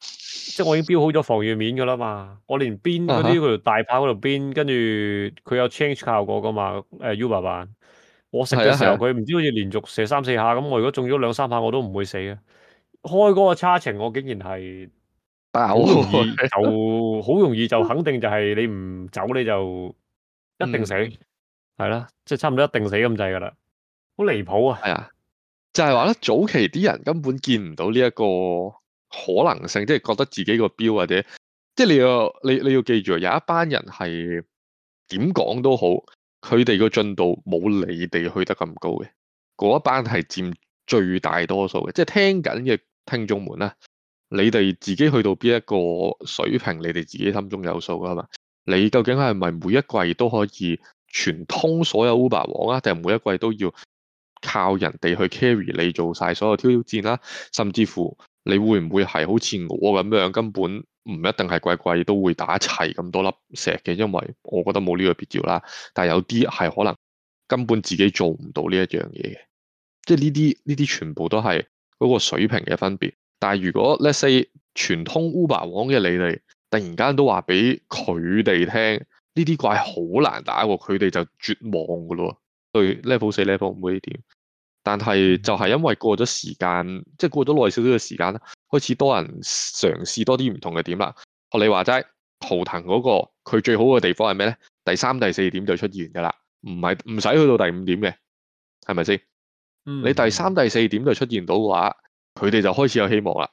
即係我已經標好咗防禦面噶啦嘛，我連編嗰啲佢大炮嗰度編，跟住佢有 change 效果噶嘛？誒、呃、Uber 版，我食嘅時候佢唔、啊、知好似連續射三四下咁，我如果中咗兩三下，我都唔會死嘅。開嗰個差程，我竟然係爆，就好容易就肯定就係你唔走你就一定死、嗯，係啦，即、就、係、係、差唔多一定死咁滯噶啦，好離譜啊！係啊，就係話咧，早期啲人根本見唔到呢一個可能性，即係覺得自己個標或者即係你要你你要記住，有一班人係點講都好，佢哋個進度冇你哋去得咁高嘅，嗰一班係佔最大多數嘅，即係聽緊嘅。聽眾們啦，你哋自己去到邊一個水平，你哋自己心中有數噶係嘛？你究竟係咪每一季都可以全通所有 Uber 王啊？定係每一季都要靠人哋去 carry 你做晒所有挑戰啦，啊？甚至乎你會唔會係好似我咁樣，根本唔一定係季季都會打齊咁多粒石嘅？因為我覺得冇呢個必要啦。但係有啲係可能根本自己做唔到呢一樣嘢嘅，即係呢啲呢啲全部都係嗰個水平嘅分別，但係如果 let’s say 全通 Uber 王嘅你哋，突然間都話俾佢哋聽，呢啲怪好難打喎，佢哋就絕望噶咯，對 level 四 level 五呢點，但係就係因為過咗時間，即係過咗耐少少嘅時間啦，開始多人嘗試多啲唔同嘅點啦。學你話齋，圖騰嗰個佢最好嘅地方係咩咧？第三、第四點就出現噶啦，唔係唔使去到第五點嘅，係咪先？你第三、第四點就出現到嘅話，佢哋就開始有希望啦。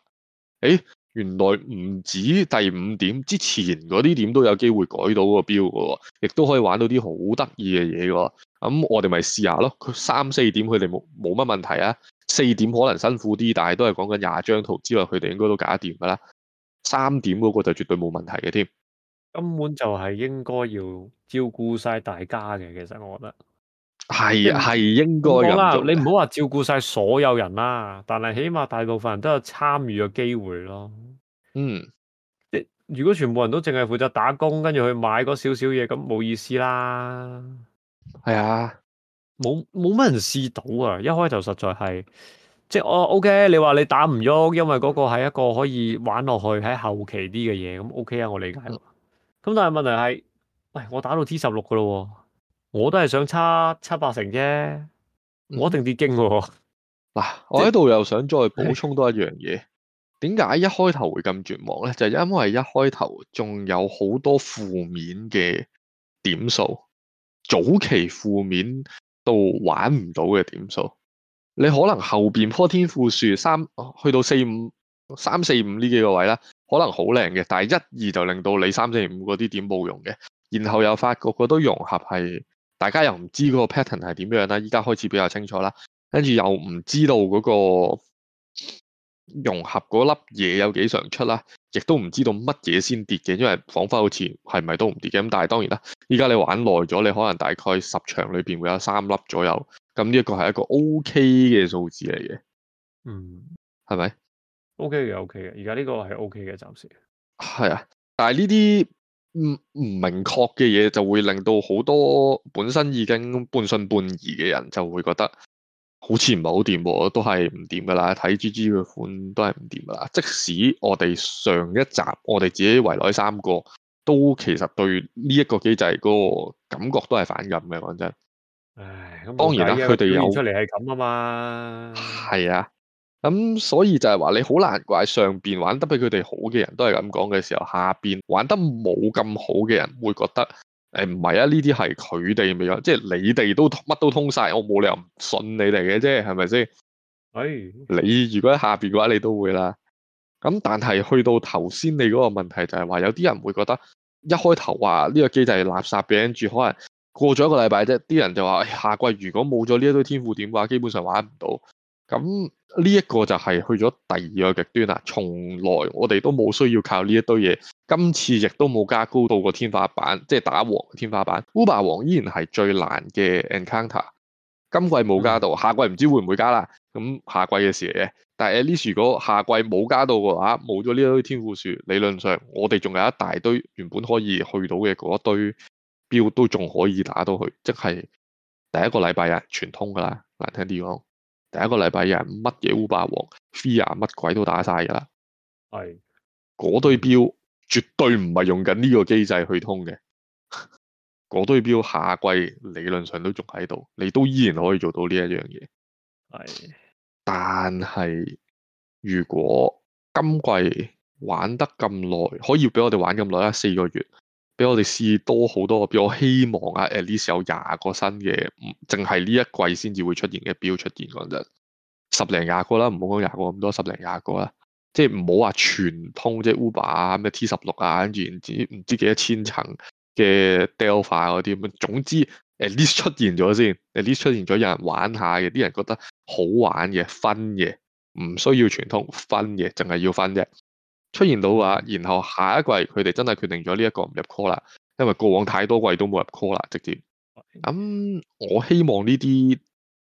誒，原來唔止第五點之前嗰啲點都有機會改到個標嘅喎，亦都可以玩到啲好得意嘅嘢嘅喎。咁、嗯、我哋咪試下咯。佢三四點佢哋冇冇乜問題啊？四點可能辛苦啲，但係都係講緊廿張圖之外，佢哋應該都搞掂嘅啦。三點嗰個就絕對冇問題嘅添。根本就係應該要照顧晒大家嘅，其實我覺得。係啊，係應該。唔啦，你唔好話照顧晒所有人啦，但係起碼大部分人都有參與嘅機會咯。嗯，即如果全部人都淨係負責打工，跟住去買嗰少少嘢，咁冇意思啦。係啊，冇冇乜人試到啊！一開頭實在係即係，哦 O K，你話你打唔喐，因為嗰個係一個可以玩落去喺後期啲嘅嘢，咁 O K 啊，我理解。咁、嗯、但係問題係，喂、哎，我打到 T 十六噶咯。我都係想差七八成啫，我一定跌驚嘅。嗱、嗯，我喺度又想再補充多一樣嘢。點解的一開頭會咁絕望咧？就係，因為一開頭仲有好多負面嘅點數，早期負面到玩唔到嘅點數。你可能後邊棵天賦樹三去到四五三四五呢幾個位啦，可能好靚嘅，但係一二就令到你三四五嗰啲點冇用嘅。然後又發覺個都融合係。大家又唔知嗰個 pattern 係點樣啦，依家開始比較清楚啦，跟住又唔知道嗰個融合嗰粒嘢有幾常出啦，亦都唔知道乜嘢先跌嘅，因為彷彿好似係咪都唔跌嘅。咁但係當然啦，依家你玩耐咗，你可能大概十場裏邊會有三粒左右，咁呢一個係一個 O K 嘅數字嚟嘅。嗯，係咪？O K 嘅，O K 嘅，而家呢個係 O K 嘅暫時。係啊，但係呢啲。唔唔明確嘅嘢，就會令到好多本身已經半信半疑嘅人就會覺得好似唔係好掂，都係唔掂㗎喇。睇 GG 嘅款都係唔掂㗎喇。即使我哋上一集我哋自己圍內三個都其實對呢一個機制嗰個感覺都係反感嘅。講真，唉，當然啦，佢哋有出嚟係咁啊嘛，係啊。咁、嗯、所以就係話你好難怪上邊玩得比佢哋好嘅人都係咁講嘅時候，下邊玩得冇咁好嘅人會覺得，誒，唔係啊，呢啲係佢哋未有，即係你哋都乜都通晒，我冇理由唔信你哋嘅啫，係咪先？誒、哎，你如果喺下邊嘅話，你都會啦。咁、嗯、但係去到頭先你嗰個問題就係話，有啲人會覺得一開頭話呢個機就係垃圾餅住，可能過咗一個禮拜啫，啲人就話：誒、哎，下季如果冇咗呢一堆天賦點嘅話，基本上玩唔到。咁呢一個就係去咗第二個極端啦。從來我哋都冇需要靠呢一堆嘢，今次亦都冇加高到個天花板，即係打王天花板。Uber 王依然係最難嘅 Encounter，今季冇加到，嗯、下季唔知會唔會加啦。咁下季嘅事嚟嘅。但係 At least 如果下季冇加到嘅話，冇咗呢堆天賦樹，理論上我哋仲有一大堆原本可以去到嘅嗰堆標都仲可以打到去，即係第一個禮拜日全通㗎啦。難聽啲講。第一個禮拜日乜嘢 Uber 王，Fear 乜鬼都打晒噶啦，係的，嗰堆標絕對唔係用緊呢個機制去通嘅，嗰堆標下季理論上都仲喺度，你都依然可以做到呢一樣嘢，係的，但係如果今季玩得咁耐，可以俾我哋玩咁耐啦，四個月。俾我哋試多好多個表，我希望啊，誒，呢時有廿個新嘅，淨係呢一季先至會出現嘅表出現嗰陣，十零廿個啦，唔好講廿個咁多，十零廿個啦，即係唔好話全通，即係 Uber 啊，咩 T 十六啊，跟住唔知唔知幾多千層嘅 Delve 嗰啲咁，總之誒呢出現咗先，誒呢出現咗有人玩下嘅，啲人覺得好玩嘅，分嘅，唔需要全通，分嘅，淨係要分啫。出現到話，然後下一季佢哋真係決定咗呢一個唔入 call 啦，因為過往太多季都冇入 call 啦，直接。咁、嗯、我希望呢啲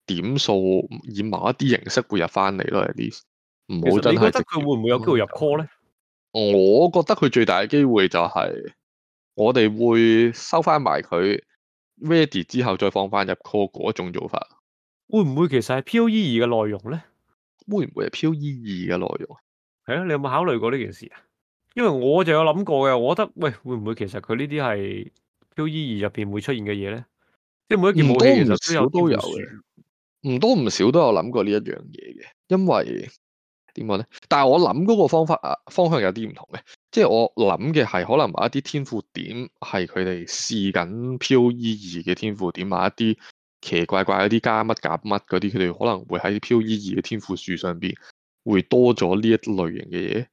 點數以某一啲形式會入翻嚟咯，係啲唔好真係。其實你覺得佢會唔會有機會入 call 咧、嗯？我覺得佢最大嘅機會就係我哋會收翻埋佢 ready 之後再放翻入 call 嗰種做法。會唔會其實係 POE 二嘅內容咧？會唔會係 POE 二嘅內容？係啊，你有冇考慮過呢件事啊？因為我就有諗過嘅，我覺得喂，會唔會其實佢呢啲係 POE2 入邊會出現嘅嘢咧？即係每一件，實都有件，唔多唔少都有嘅，唔多唔少都有諗過呢一樣嘢嘅。因為點講咧？但係我諗嗰個方法啊方向，有啲唔同嘅，即係我諗嘅係可能某一啲天賦點係佢哋試緊 POE2 嘅天賦點，某一啲奇奇怪怪啲加乜夾乜嗰啲，佢哋可能會喺 POE2 嘅天賦樹上邊。會多咗呢一類型嘅嘢，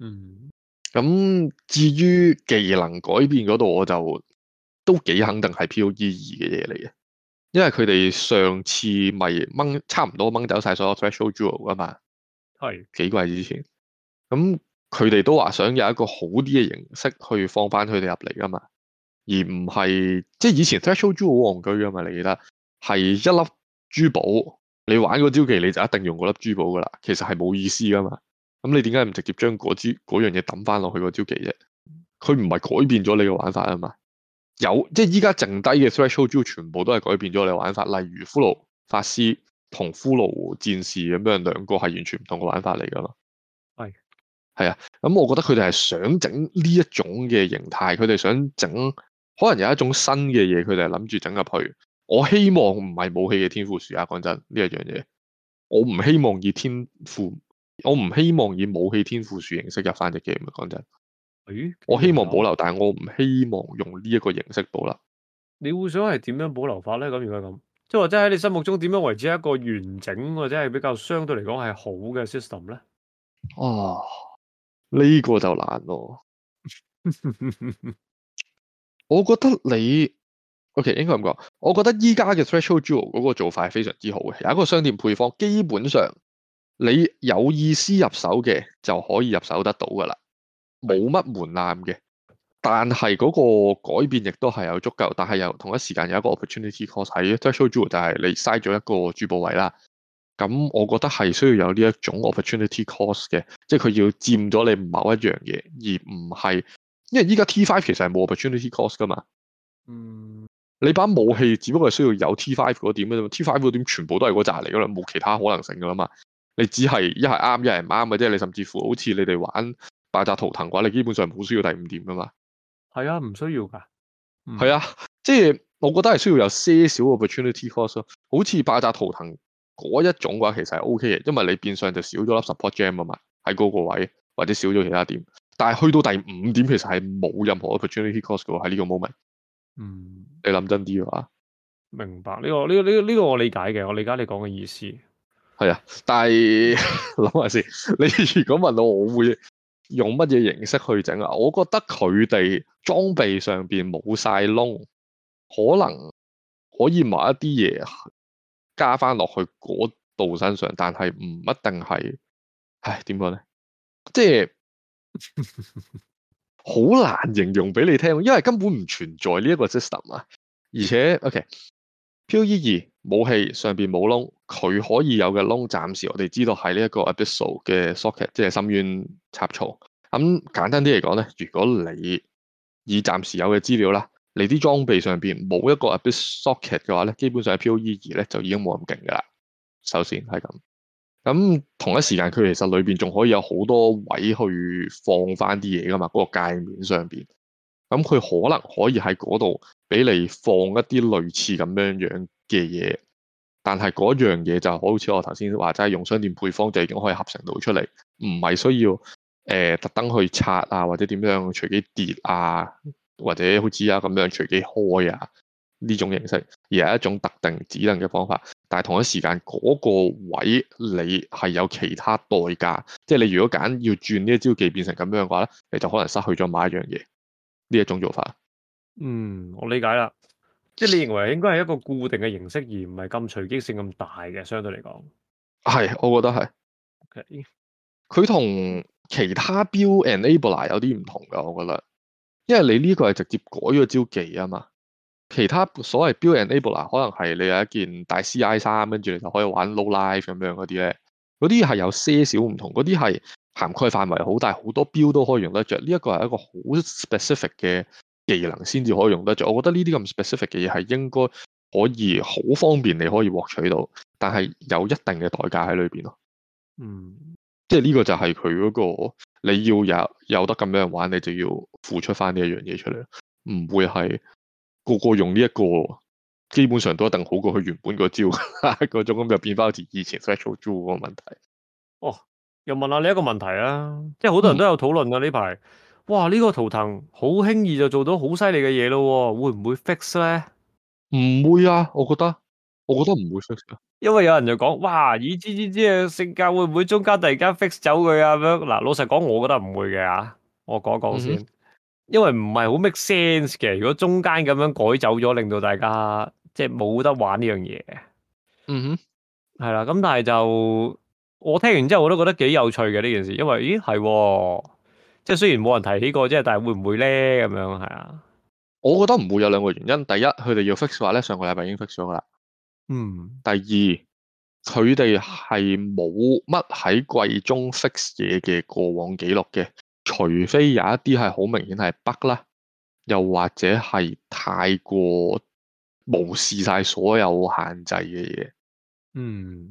嗯，咁至於技能改變嗰度，我就都幾肯定係 POE2 嘅嘢嚟嘅，因為佢哋上次咪掹差唔多掹走晒所有 threshold jewel 啊嘛，係是幾季之前，咁佢哋都話想有一個好啲嘅形式去放翻佢哋入嚟啊嘛，而唔係即係以前 threshold jewel 戇居啊嘛，你記得係一粒珠寶。你玩嗰招技你就一定用嗰粒珠寶噶啦，其實係冇意思噶嘛。咁你點解唔直接將嗰支樣嘢抌翻落去嗰招技啫？佢唔係改變咗你嘅玩法啊嘛。有即係依家剩低嘅 threshold jewel 全部都係改變咗你玩法。例如骷髏法師同骷髏戰士咁樣，兩個係完全唔同嘅玩法嚟噶咯。係係是啊。咁我覺得佢哋係想整呢一種嘅形態，佢哋想整可能有一種新嘅嘢，佢哋係諗住整入去。我希望唔係武器嘅天賦樹啊！講真，呢一樣嘢，我唔希望以天賦，我唔希望以武器天賦樹形式入翻隻 game。講真，誒、哎，我希望保留，但係我唔希望用呢一個形式保留。你會想係點樣保留法咧？咁如果咁，即係或者喺你心目中點樣為之一個完整，或者係比較相對嚟講係好嘅 system 咧？哦、啊，呢、這個就難咯。 我覺得你。O.K. 應該咁講，我覺得依家嘅 Threshold Jewel 嗰個做法係非常之好嘅，有一個商店配方，基本上你有意思入手嘅就可以入手得到㗎啦，冇乜門檻嘅。但係嗰個改變亦都係有足夠，但係又同一時間有一個 Opportunity Cost 喺 Threshold Jewel，就係你嘥咗一個珠部位啦。咁我覺得係需要有呢一種 Opportunity Cost 嘅，即係佢要佔咗你某一樣嘢，而唔係因為依家 T5 其實係冇 Opportunity Cost 㗎嘛。嗯。你把武器只不過係需要有 T5 嗰點啫嘛，T5 嗰點全部都係嗰啲嚟噶啦，冇其他可能性噶啦嘛。你只係一係啱，一係唔啱嘅啫。你甚至乎好似你哋玩爆炸圖騰嘅話，你基本上冇需要第五點噶嘛。係啊，唔需要㗎。係、嗯、啊，即係我覺得係需要有些少個 opportunity cost。好似爆炸圖騰嗰一種嘅話，其實係 OK 嘅，因為你變相就少咗粒 support gem 啊嘛，喺嗰個位或者少咗其他點。但係去到第五點，其實係冇任何 opportunity cost 喺呢個 moment。嗯，你諗真啲話，明白呢個，呢個，呢個我理解嘅，我理解你講嘅意思係啊，但係諗下先，你如果問到我，我會用乜嘢形式去整啊？我覺得佢哋裝備上邊冇晒窿，可能可以買一啲嘢加翻落去嗰度身上，但係唔一定係，唉，點講咧？即係。 好難形容俾你聽，因為根本唔存在呢一個 system 啊，而且 OK P O E 二武器上邊冇窿，佢可以有嘅窿暫時我哋知道係呢一個 Abyssal 嘅 socket，即係深淵插槽。咁、嗯、簡單啲嚟講咧，如果你以暫時有嘅資料啦，你啲裝備上邊冇一個 Abyssal socket 嘅話咧，基本上係 P O E 二咧就已經冇咁勁噶啦。首先係咁。咁同一時間，佢其實裏邊仲可以有好多位去放翻啲嘢噶嘛，嗰個界面上邊。咁佢可能可以喺嗰度俾你放一啲類似咁樣樣嘅嘢，但係嗰樣嘢就好似我頭先話齋，用商店配方就已經可以合成到出嚟，唔係需要誒特登去拆啊，或者點樣隨機跌啊，或者好似啊咁樣隨機開啊。呢種形式而係一種特定指令嘅方法，但係同一時間嗰個位你係有其他代價，即係你如果揀要轉呢一招技變成咁樣嘅話咧，你就可能失去咗某一樣嘢。呢一種做法，嗯，我理解啦，即係你認為應該係一個固定嘅形式，而唔係咁隨機性咁大嘅，相對嚟講係，我覺得係。OK，佢同其他 build enabler 有啲唔同㗎，我覺得，因為你呢個係直接改咗招技啊嘛。其他所謂 build enabler 啦，enabler, 可能係你有一件大 C.I. 衫，跟住你就可以玩 low life 咁樣嗰啲咧。嗰啲係有些少唔同，嗰啲係涵蓋範圍好大，好多標都可以用得着。呢、這個、一個係一個好 specific 嘅技能先至可以用得着。我覺得呢啲咁 specific 嘅嘢係應該可以好方便你可以獲取到，但係有一定嘅代價喺裏邊咯。嗯，即係呢個就係佢嗰個你要有有得咁樣玩，你就要付出翻呢一樣嘢出嚟，唔會係。個個用呢、這、一個，基本上都一定好過佢原本個招，嗰 種咁就變翻好似以前 Flash Zoo 嗰個問題。哦，又問下你一個問題啊，即係好多人都有討論噶呢排。嗯、哇，呢、這個圖騰好輕易就做到好犀利嘅嘢咯，會唔會 fix 咧？唔會啊，我覺得，我覺得唔會 fix 噶。因為有人就講，哇，咦，GGG 嘅性格會唔會中間突然間 fix 走佢啊？咁嗱，老實講，我覺得唔會嘅啊，我講講先。嗯嗯。因為唔係好 make sense 嘅，如果中間咁樣改走咗，令到大家即係冇得玩呢樣嘢。嗯哼，係啦，咁但係就我聽完之後，我都覺得幾有趣嘅呢件事，因為咦係，即係雖然冇人提起過，即係但係會唔會咧咁樣係啊？我覺得唔會有兩個原因，第一，佢哋要 fix 話咧，上個禮拜已經 fix 咗啦。嗯，第二，佢哋係冇乜喺季中 fix 嘢嘅過往記錄嘅。除非有一啲係好明顯係 bug 啦，又或者係太過無視晒所有限制嘅嘢。嗯，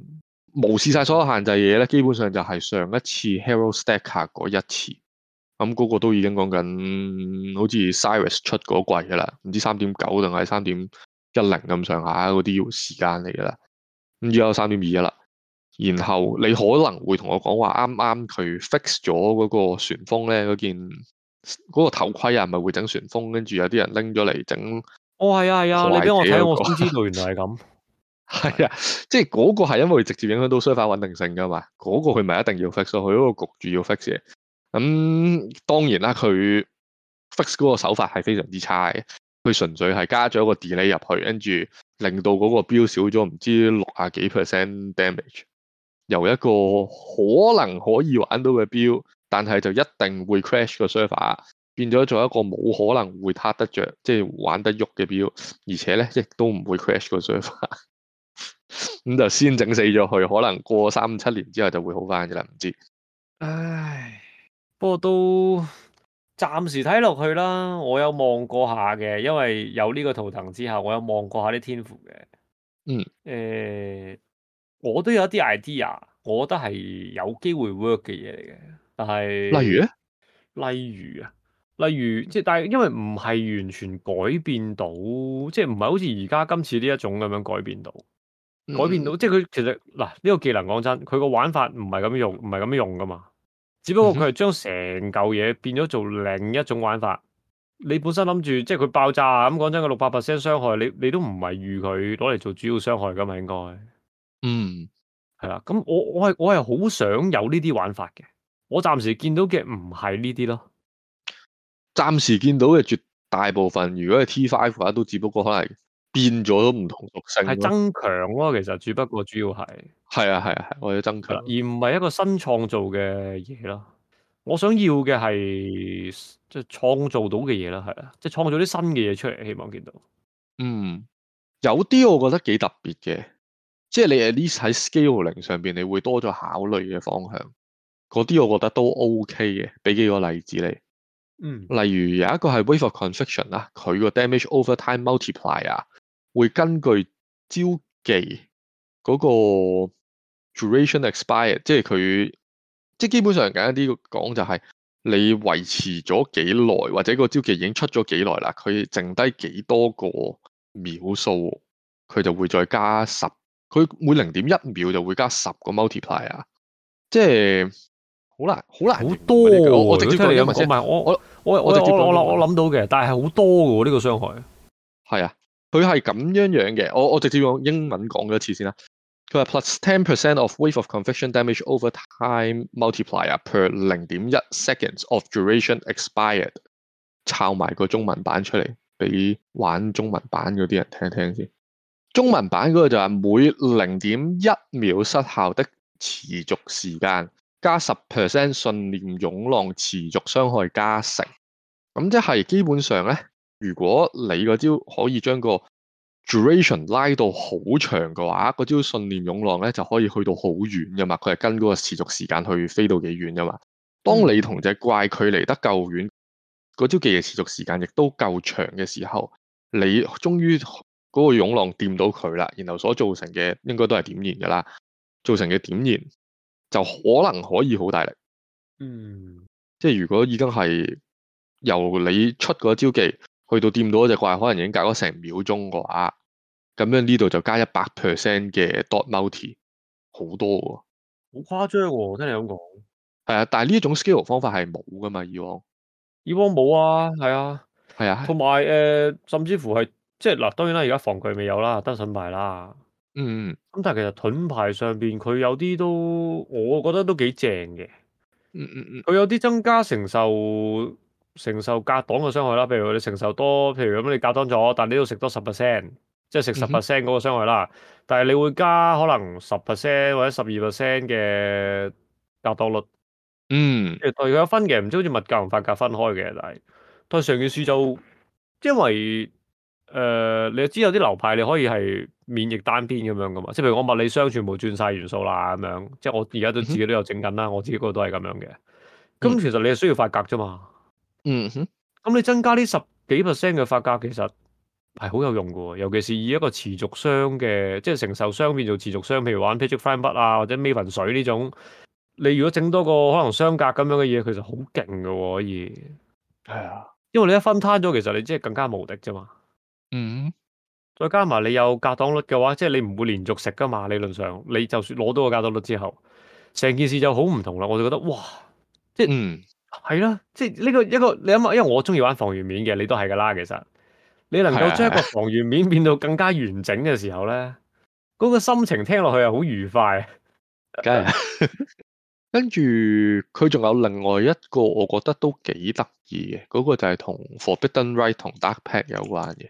無視晒所有限制嘅嘢咧，基本上就係上一次 Hero Stack 嗰一次。咁、嗯、嗰、嗰個都已經講緊，好似 Cyrus 出嗰季噶啦，唔知三點九定係三點一零咁上下嗰啲時間嚟噶啦。咁而家三點二啦。然後你可能會同我講話，啱啱佢 fix 咗嗰個旋風咧，嗰件嗰、那個頭盔啊，唔係會整旋風，跟住有啲人拎咗嚟整。哦，係啊係啊，啊壞機 你俾我睇，那個、我知知道原來係咁。係 啊，即係嗰個係因為直接影響到衰化穩定性噶嘛，嗰、那個佢咪一定要 fix 咯，佢嗰個焗住要 fix 嘅。咁、嗯、當然啦，佢 fix 嗰個手法係非常之差嘅，佢純粹係加咗個 delay 入去，跟住令到嗰個標少咗唔知六啊幾 percent damage。由一個可能可以玩到嘅 build，但係就一定會 crash 個 server，變咗做一個冇可能會撻得着，即係玩得喐嘅 build，而且咧亦都唔會 crash 個 server。 咁 就先整死咗佢，可能過三五七年之後就會好翻嘅啦，唔知。唉，不過都暫時睇落去啦，我有望過下嘅，因為有呢個圖騰之後，我有望過下啲天賦嘅。嗯，誒、欸。我都有一啲 idea，我覺得係有機會 work 嘅嘢嚟嘅，但係例如咧，例如啊，例如即係，但係因為唔係完全改變到，即係唔係好似而家今次呢一種咁樣改變到，改變到、嗯、即係佢其實嗱，呢個技能講真，佢個玩法唔係咁樣用，唔係咁樣用噶嘛，只不過佢係將成嚿嘢變咗做另一種玩法。嗯、你本身諗住即係佢爆炸咁講真，個六百 percent 傷害，你你都唔係預佢攞嚟做主要傷害噶嘛，應該。嗯，係啦，咁我我係我係好想有呢啲玩法嘅，我暫時見到嘅唔係呢啲咯，暫時見到嘅絕大部分，如果係 T5 嘅話，都只不過可能變咗唔同屬性，係增強咯，其實只不過主要係係啊係啊係，我要增強，而唔係一個新創造嘅嘢咯。我想要嘅係即係創造到嘅嘢啦，係啊，即係創造啲新嘅嘢出嚟，希望見到。嗯，有啲我覺得幾特別嘅。即係你 at least 喺 scaling 上邊，你會多咗考慮嘅方向。嗰啲我覺得都 OK 嘅。俾幾個例子你。嗯。例如有一個係 wave of conviction 啦，佢個 damage over time multiplier 會根據招技嗰個 duration expire，即係佢即係基本上簡單啲講就係你維持咗幾耐，或者個招技已經出咗幾耐啦，佢剩低幾多個秒數，佢就會再加十。佢每零點一秒就會加十個 multiplier 啊，即係好難，好難，好多。我我直接講嘢先，唔係我我我我我我諗到嘅，但係好多嘅喎呢個傷害。係啊，佢係咁樣樣嘅。我我直接用英文講一次先啦。佢話 plus ten percent of wave of conviction damage over time multiplier 啊，per 零點一 seconds of duration expired。抄埋個中文版出嚟俾玩中文版嗰啲人聽一聽先。中文版嗰個就係每零點一秒失效的持續時間加十 percent 信念湧浪持續傷害加成，咁即係基本上咧，如果你個招可以將個 duration 拉到好長嘅話，嗰招信念湧浪咧就可以去到好遠嘅嘛。佢係跟嗰個持續時間去飛到幾遠嘅嘛。當你同隻怪佢離得夠遠，嗰招技嘅持續時間亦都夠長嘅時候，你終於。嗰個湧浪掂到佢啦，然後所造成嘅應該都係點燃嘅啦，造成嘅點燃就可能可以好大力。嗯，即係如果已經係由你出嗰招技去到掂到嗰隻怪，可能已經隔咗成秒鐘嘅話，咁樣呢度就加一百 percent 嘅 dot multi 好多喎，好誇張喎，我真係咁講。係啊，但係呢一種 scale 方法係冇㗎嘛，以往以往冇啊，係啊，係啊，同埋誒，甚至乎係。即係嗱，當然啦，而家防具未有啦，得盾牌啦。嗯，咁但係其實盾牌上邊佢有啲都，我覺得都幾正嘅。嗯。嗯嗯嗯，佢有啲增加承受承受格擋嘅傷害啦，譬如你承受多，譬如咁你格擋咗，但你都食多十 percent，即係食十 percent 嗰個傷害啦。嗯、哼但係你會加可能十 percent 或者十二 percent 嘅格擋率。嗯，對佢有分嘅，唔知好似物格同法格分開嘅，但係對上嘅書就因為。誒、呃，你知有啲流派你可以係免疫單邊咁樣噶嘛？即係譬如我物理傷全部轉晒元素啦咁樣，即係我而家都自己都有整緊啦， 我自己個都係咁樣嘅。咁其實你係需要發格啫嘛。嗯哼。咁你增加呢十幾 percent 嘅發格其實係好有用嘅。尤其是以一個持續傷嘅，即係承受傷變做持續傷，譬如玩 Pitching Fan 筆啊，或者 Maven 水呢種，你如果整多個可能雙格咁樣嘅嘢，其實好勁嘅，可以。係啊，因為你一分攤咗，其實你即係更加無敵啫嘛。嗯，再加埋你有格擋率嘅話，即係你唔會連續食噶嘛。理論上，你就算攞到個格擋率之後，成件事就好唔同啦。我就覺得哇，即係嗯係啦、啊，即係呢、這個一個你諗下，因為我中意玩防禦面嘅，你都係噶啦。其實你能夠將一個防禦面變到更加完整嘅時候咧，嗰的個心情聽落去係好愉快。梗係然 跟住佢仲有另外一個，我覺得都幾得意嘅。嗰、那個就係同 Forbidden Rite 同 Dark Pact 有關嘅。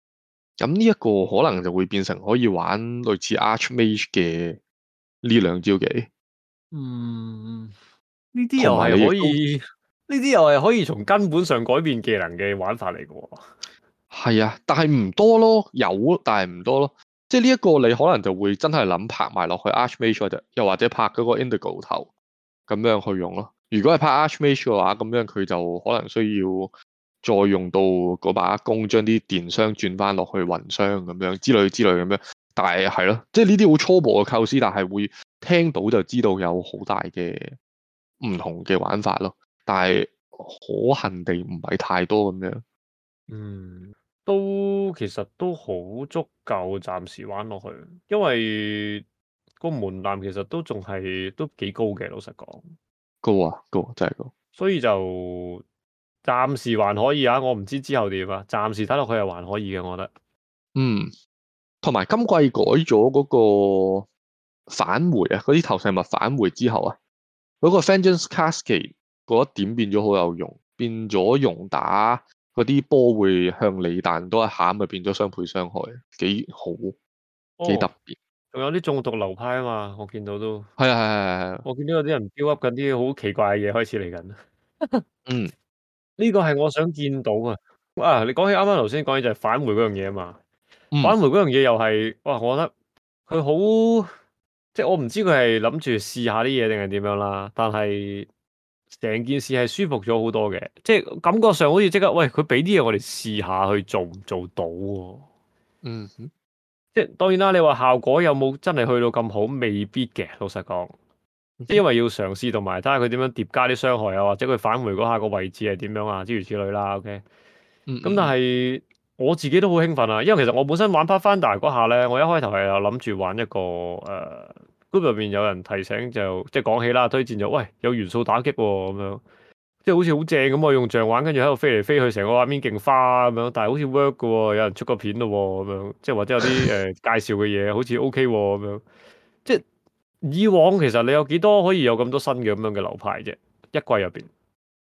咁呢一個可能就會變成可以玩類似 Archmage 嘅呢兩招嘅，嗯，呢啲又係可以，呢啲又係可以從根本上改變技能嘅玩法嚟嘅。係啊，但係唔多咯，有，但係唔多咯。即係呢一個你可能就會真係諗拍埋落去 Archmage 就，又或者拍嗰個 Indigo 頭咁樣去用咯。如果係拍 Archmage 嘅話，咁樣佢就可能需要。再用到嗰把弓，將啲電商轉翻落去雲商咁樣之類之類咁樣，但係係咯，即係呢啲好初步嘅構思，但係會聽到就知道有好大嘅唔同嘅玩法咯，但係可行地唔係太多咁樣。嗯，都其實都好足夠暫時玩落去，因為個門檻其實都仲係都幾高嘅，老實講。高啊，高真係高。所以就。暫時還可以啊，我唔知之後點啊。暫時睇落去係還可以嘅，我覺得。嗯，同埋今季改咗嗰個返回啊，嗰啲投射物返回之後啊，嗰、那個 Vengeance Cascade 嗰一點變咗好有用，變咗融打嗰啲波會向你，彈多一下咪變咗雙倍傷害，幾好，幾特別。仲、哦、有啲中毒流派啊嘛，我見到都係啊係係係，我見到有啲人 build 緊啲好奇怪嘅嘢開始嚟緊，嗯。呢個係我想見到啊！啊，你講起啱啱頭先講嘢，就係返回嗰樣嘢啊嘛，返回嗰樣嘢又係哇，我覺得佢好，即係我唔知佢係諗住試下啲嘢定係點樣啦，但係成件事係舒服咗好多嘅，即係感覺上好似即刻喂，佢俾啲嘢我哋試下去做唔做到，嗯，即係當然啦，你話效果有冇真係去到咁好，未必嘅，老實講。即因為要嘗試同埋睇下佢點樣疊加啲傷害啊，或者佢返回嗰下個位置係點樣啊，之如此類啦。OK，咁、嗯嗯、但係我自己都好興奮啊，因為其實我本身玩 part 翻大嗰下咧，我一開頭係諗住玩一個誒 group 入邊有人提醒就即係講起啦，推薦就喂有元素打擊喎、哦、咁樣，即係好似好正咁我用象玩，跟住喺度飛嚟飛去，成個畫面勁花咁樣，但係好似 work 嘅喎、哦，有人出個片咯喎咁樣，即係或者有啲誒介紹嘅嘢好似 OK 喎、哦、咁樣，樣，即係。以往其實你有幾多可以有咁多新嘅咁樣嘅流派啫？一季入邊，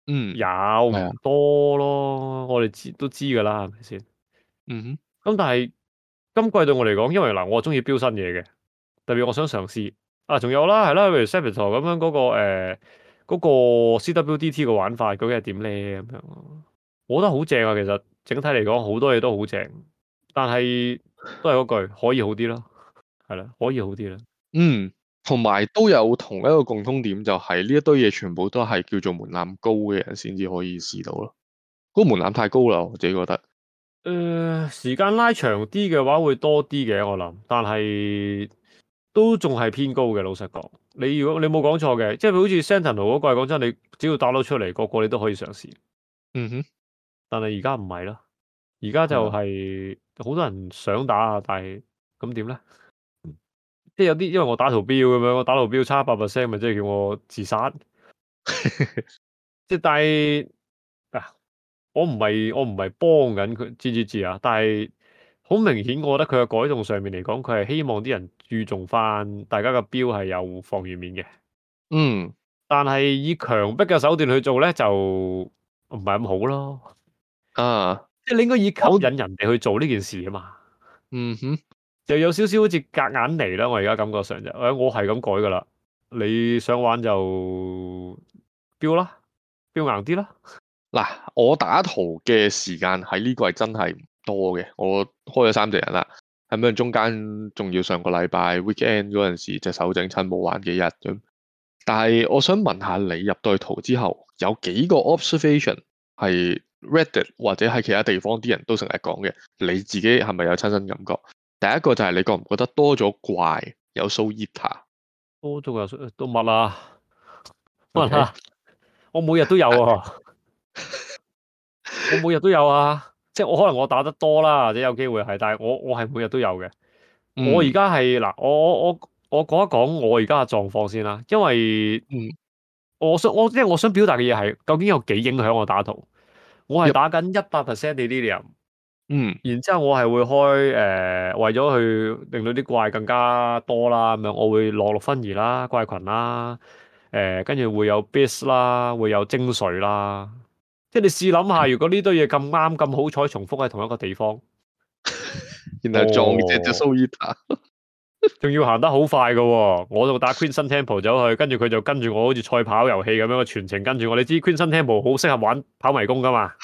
嗯，有多咯。我哋知都知噶啦，係咪先？嗯哼。咁、嗯、但係今季對我嚟講，因為嗱、呃，我中意標新嘢嘅，特別我想嘗試啊，仲有啦，係啦，譬如 Samuel 咁樣嗰個誒，嗰、呃嗰個 CWDT 嘅玩法，究竟係點咧？咁樣，我覺得好正啊。其實整體嚟講，好多嘢都好正，但係都係嗰句，可以好啲咯，係啦，可以好啲啦，嗯。同埋都有同一個共通點，就係呢一堆嘢，全部都係叫做門檻高嘅人先至可以試到咯。嗰個門檻太高啦，我自己覺得。誒、呃，時間拉長啲嘅話會多啲嘅，我諗。但係都仲係偏高嘅，老實講。你如果你冇講錯嘅，即係好似 Sentinel 嗰個，講真，你只要打到出嚟，個個你都可以嘗試。嗯哼。但係而家唔係啦，而家就係、是、好、嗯、多人想打啊，但係咁點咧？即係有啲，因為我打圖標咁樣，我打圖標差百 percent，咪即係叫我自殺。即 係，但係嗱，我唔係我唔係幫緊佢，知知知啊！但係好明顯，我覺得佢嘅改動上面嚟講，佢係希望啲人注重翻大家嘅標係有防禦面嘅。嗯，但係以強迫嘅手段去做咧，就唔係咁好咯。啊，即係你應該以吸引人哋去做呢件事啊嘛。嗯哼。又有少少好似隔硬嚟啦，我而家感覺上就，誒、哎、我係咁改噶啦，你想玩就標啦，標硬啲啦。嗱，我打圖嘅時間喺呢個係真係唔多嘅，我開咗三隻人啦，係咪？中間仲要上個禮拜 weekend 嗰陣時隻手整親冇玩幾日咁。但係我想問下你入到去圖之後，有幾個 observation 係 Reddit 或者喺其他地方啲人都成日講嘅，你自己係咪有親身感覺？第一個就係你覺唔覺得多咗怪，有 Soul Eater、e、多咗有動物啊？乜啊？Okay. 我每日都有啊， 我每日都有啊。即係我可能我打得多啦，或者有機會係，但係我我係每日都有嘅、嗯。我而家係嗱，我我講講我講一講我而家嘅狀況先啦。因為，嗯、我想我即係我想表達嘅嘢係，究竟有幾影響我打圖？我係打緊一百 percent 嘅 Delirium。嗯，然之後我係會開誒、呃，為咗去令到啲怪更加多啦，咁樣我會落落分儀啦，怪群啦，誒、呃，跟住會有 beast 啦，會有精髓啦，即係你試諗下，如果呢堆嘢咁啱咁好彩重複喺同一個地方， 然後撞隻隻蘇爾塔，仲、哦、要行得好快嘅、哦，我就打 queen sun temple 走去，跟住佢就跟住我，好似賽跑遊戲咁樣，全程跟住我。你知 queen sun temple 好適合玩跑迷宮噶嘛？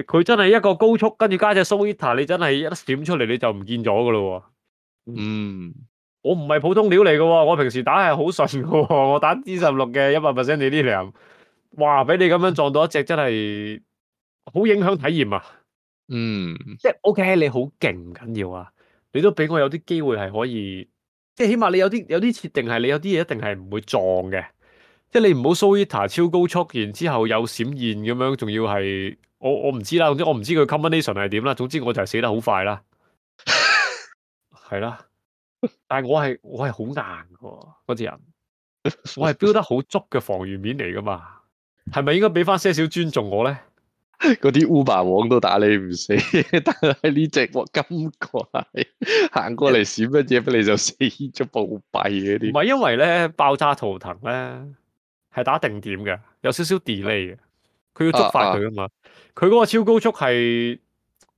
佢真係一個高速，跟住加隻 Sowita 你真係一甩閃出嚟，你就唔見咗噶咯。嗯，我唔係普通鳥嚟噶，我平時打係好順噶。我打 Z 十六嘅一百 percent，你呢兩，哇，俾你咁樣撞到一隻真係好影響體驗啊。嗯，即係 O K，你好勁唔緊要啊。你都俾我有啲機會係可以，即係起碼你有啲有啲設定係，你有啲嘢一定係唔會撞嘅。即係你唔好 Sowita 超高速，然後之後有閃現咁樣，仲要係。我我唔知啦，總之我唔知佢 combination 係點啦。總之我就係死得好快啦，係啦。 但係我係我係好硬喎，嗰隻人，我係標得好足嘅防禦面嚟噶嘛。係咪應該俾翻些少尊重我咧？嗰啲 Uber 王都打你唔死，但係呢隻鑊金怪行過嚟閃乜嘢，俾你就死咗暴斃嗰啲。唔係因為咧爆炸圖騰咧係打定點嘅，有少少 delay 嘅，佢要觸發佢啊嘛。啊佢嗰個超高速係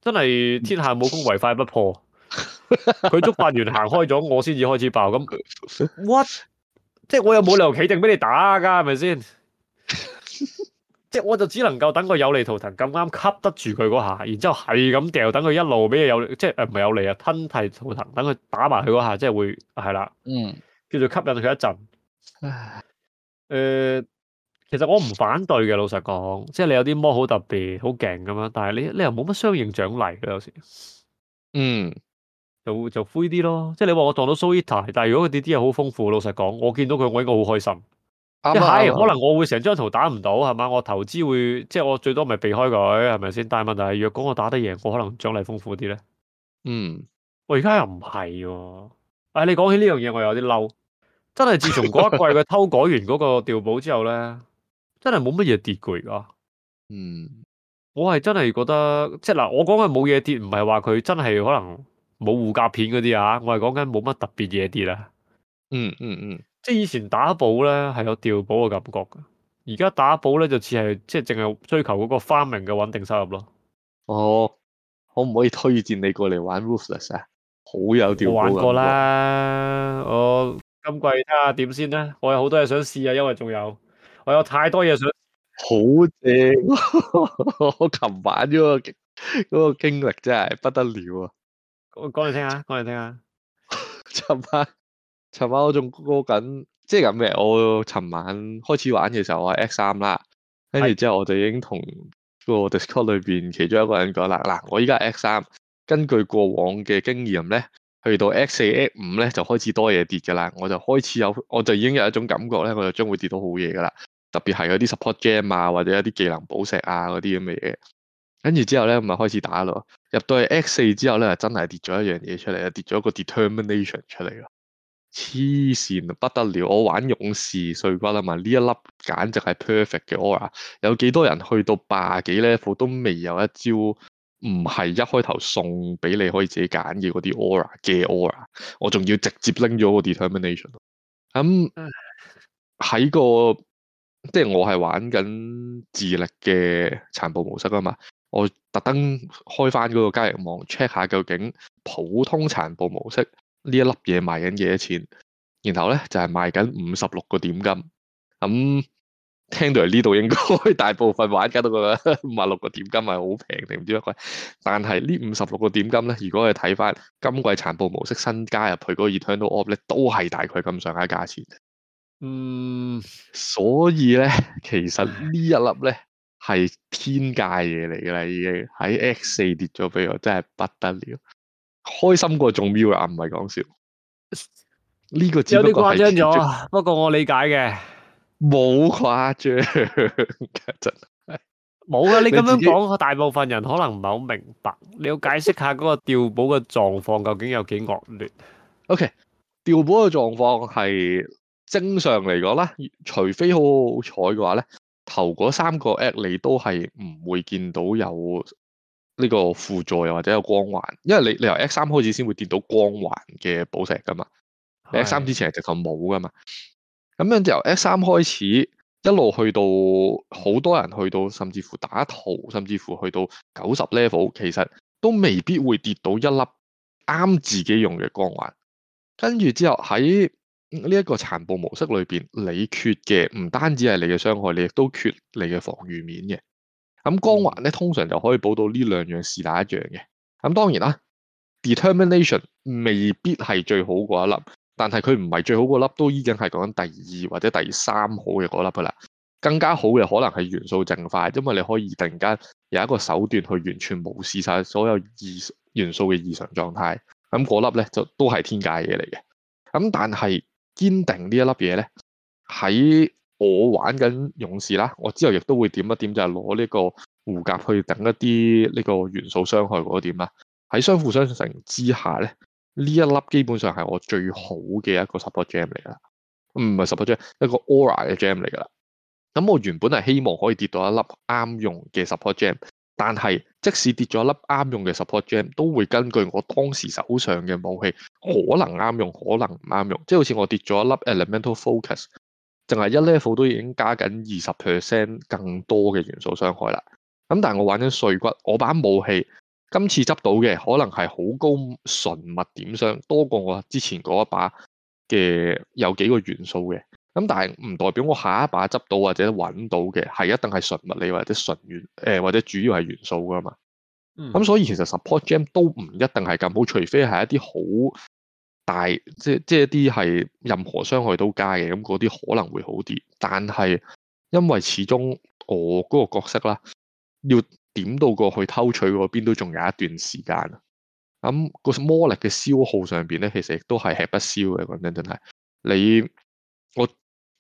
真係天下武功，唯快不破，佢觸發完行開咗，我先至開始爆。咁 what？即係我又冇理由企定畀你打㗎，係咪先？即係我就只能夠等個有利圖騰咁啱吸得住佢嗰下，然之後係咁掉，等佢一路畀你有即係唔係有利啊？吞提圖騰，等佢打埋佢嗰下，即係會係啦。嗯，叫做吸引佢一陣。誒、呃。其實我唔反對嘅，老實講，即係你有啲魔好特別、好勁咁樣，但係你你又冇乜相應獎勵嘅有時，嗯，就就灰啲咯。即係你話我撞到 Soul Eater，但係如果佢啲啲嘢好豐富，老實講，我見到佢，我應該好開心。啱啊，可能我會成張圖打唔到，係嘛？我投資會即係我最多咪避開佢，係咪先？但係問題係，若果我打得贏，我可能獎勵豐富啲咧。嗯，我而家又唔係，誒、哎，你講起呢樣嘢，我有啲嬲，真係自從嗰一季佢偷改完嗰個調補之後咧。 真係冇乜嘢跌過噶，嗯，我係真係覺得，即係嗱，我講緊冇嘢跌，唔係話佢真係可能冇護甲片嗰啲啊，我係講緊冇乜特別嘢跌啦，嗯嗯嗯，即係以前打寶咧係有掉寶嘅感覺噶，而家打寶咧就似係即係淨係追求嗰個 farming 嘅穩定收入咯。哦，可唔可以推薦你過嚟玩 Ruthless 啊？好有掉寶。我玩過啦，嗯、我今季睇下點先啦，我有好多嘢想試啊，因為仲有。我有太多嘢想，好正很棒！ 我琴晚嗰個嗰個經歷、那個、真係不得了啊！講嚟聽下，講嚟聽下。琴 晚，琴晚我仲講緊，即係講咩？我琴晚開始玩嘅時候，我係 X 三啦，跟住是之後我就已經同個 Discord 裏邊其中一個人講啦，嗱，我依家 X 三，根據過往嘅經驗咧，去到 X 四、X 五咧就開始多嘢跌噶啦，我就開始有，我就已經有一種感覺咧，我就將會跌到好嘢噶啦。特別係嗰啲 support gem 啊，或者一啲技能寶石啊嗰啲咁嘅嘢，跟住之後咧，咪開始打咯。入到去 X 四之後咧，真係跌咗一樣嘢出嚟啊！跌咗個 determination 出嚟咯，黐線不得了！我玩勇士碎骨啊嘛，呢一粒簡直係 perfect 嘅 aura。有幾多人去到八幾 level 都未有一招唔係一開頭送俾你可以自己揀嘅嗰啲 aura 嘅 aura？我仲要直接拎咗個 determination。咁、嗯、喺個。即係我係玩緊智力嘅殘暴模式啊嘛，我特登開翻嗰個交易網 check 下究竟普通殘暴模式呢一粒嘢賣緊幾多錢，然後咧就係、是、賣緊五十六個點金。咁、嗯、聽到嚟呢度應該大部分玩家都覺得五十六個點金係好平定唔知乜鬼，但係呢五十六個點金咧，如果你睇翻今季殘暴模式新加入去嗰個 Eternal Orb 咧，都係大概咁上下價錢。嗯，所以咧，其實一呢一粒咧係天界嘢嚟嘅啦，已經喺 X 四跌咗俾我，真係不得了，開心過中 Mirror 啊，唔係講笑。呢、這個有啲誇張咗，不過我理解嘅，冇誇張真，冇噶。你咁樣講，大部分人可能唔係好明白，你要解釋下嗰個調寶嘅狀況究竟有幾惡劣？ OK，調寶嘅狀況係。正常嚟講咧，除非好好彩嘅話咧，頭嗰三個 act 你都係唔會見到有呢個輔助又或者有光環，因為你你由 S 三開始先會跌到光環嘅寶石噶嘛，你 S 三之前係直頭冇噶嘛。咁是的 樣就由 S 三開始一路去到好多人去到甚至乎打圖，甚至乎去到九十 level，其實都未必會跌到一粒啱自己用嘅光環。跟住之後喺呢一個殘暴模式裏邊，你缺嘅唔單止係你嘅傷害，你亦都缺你嘅防禦面嘅。咁、嗯、光環咧，通常就可以補到呢兩樣事哪一樣嘅。咁、嗯、當然啦，determination 未必係最好嗰一粒，但係佢唔係最好嗰粒都已經係講緊第二或者第三好嘅嗰粒噶啦。更加好嘅可能係元素淨化，因為你可以突然間有一個手段去完全無視晒所有異元素嘅異常狀態。咁、嗯、嗰粒咧就都係天界嘢嚟嘅。咁、嗯、但係，堅定呢一粒嘢咧，喺我玩緊勇士啦，我之後亦都會點一點就係攞呢個護甲去等一啲呢個元素傷害嗰點啦。喺相輔相成之下咧，呢一粒基本上係我最好嘅一個 support gem 嚟噶啦，唔係 support gem，一個 aura 嘅 gem 嚟噶啦。咁我原本係希望可以跌到一粒啱用嘅 support gem。但係，即使跌咗粒啱用嘅 support gem 都會根據我當時手上嘅武器，可能啱用，可能唔啱用。即係好似我跌咗一粒 elemental focus，淨係一 level 都已經加緊二十 percent 更多嘅元素傷害啦。咁但係我玩緊碎骨，我把武器今次執到嘅，可能係好高純物點傷，多過我之前嗰一把嘅有幾個元素嘅。咁但係唔代表我下一把執到或者揾到嘅係一定係純物理或者純元誒、呃、或者主要係元素噶嘛？咁、嗯、所以其實 Support Gem 都唔一定係咁好，除非係一啲好大即、即係一啲係任何傷害都加嘅咁嗰啲可能會好啲。但係因為始終我嗰個角色啦，要點到過去偷取嗰邊都仲有一段時間，咁、個魔力嘅消耗上邊咧，其實亦都係吃不消嘅。講真真係你我。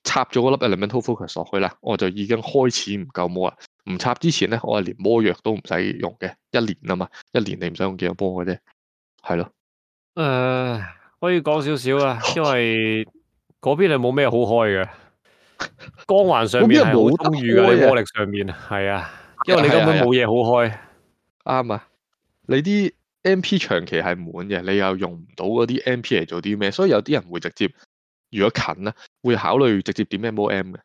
插咗粒 elemental focus 落去啦，我就已經開始唔夠摸啦。唔插之前咧，我係連魔藥都唔使用嘅，一年啊嘛，一年你唔使用，用幾多波嘅啫，係咯。誒，uh, 可以講少少啊，因為嗰邊係冇咩好開嘅，光環上面冇中意嘅喺魔力上面，係啊，因為你根本冇嘢好開。啱 啊，你啲 MP 長期係滿嘅，你又用唔到嗰啲 MP 嚟做啲咩，所以有啲人會直接。如果近咧，會考慮直接點咩魔 M 嘅，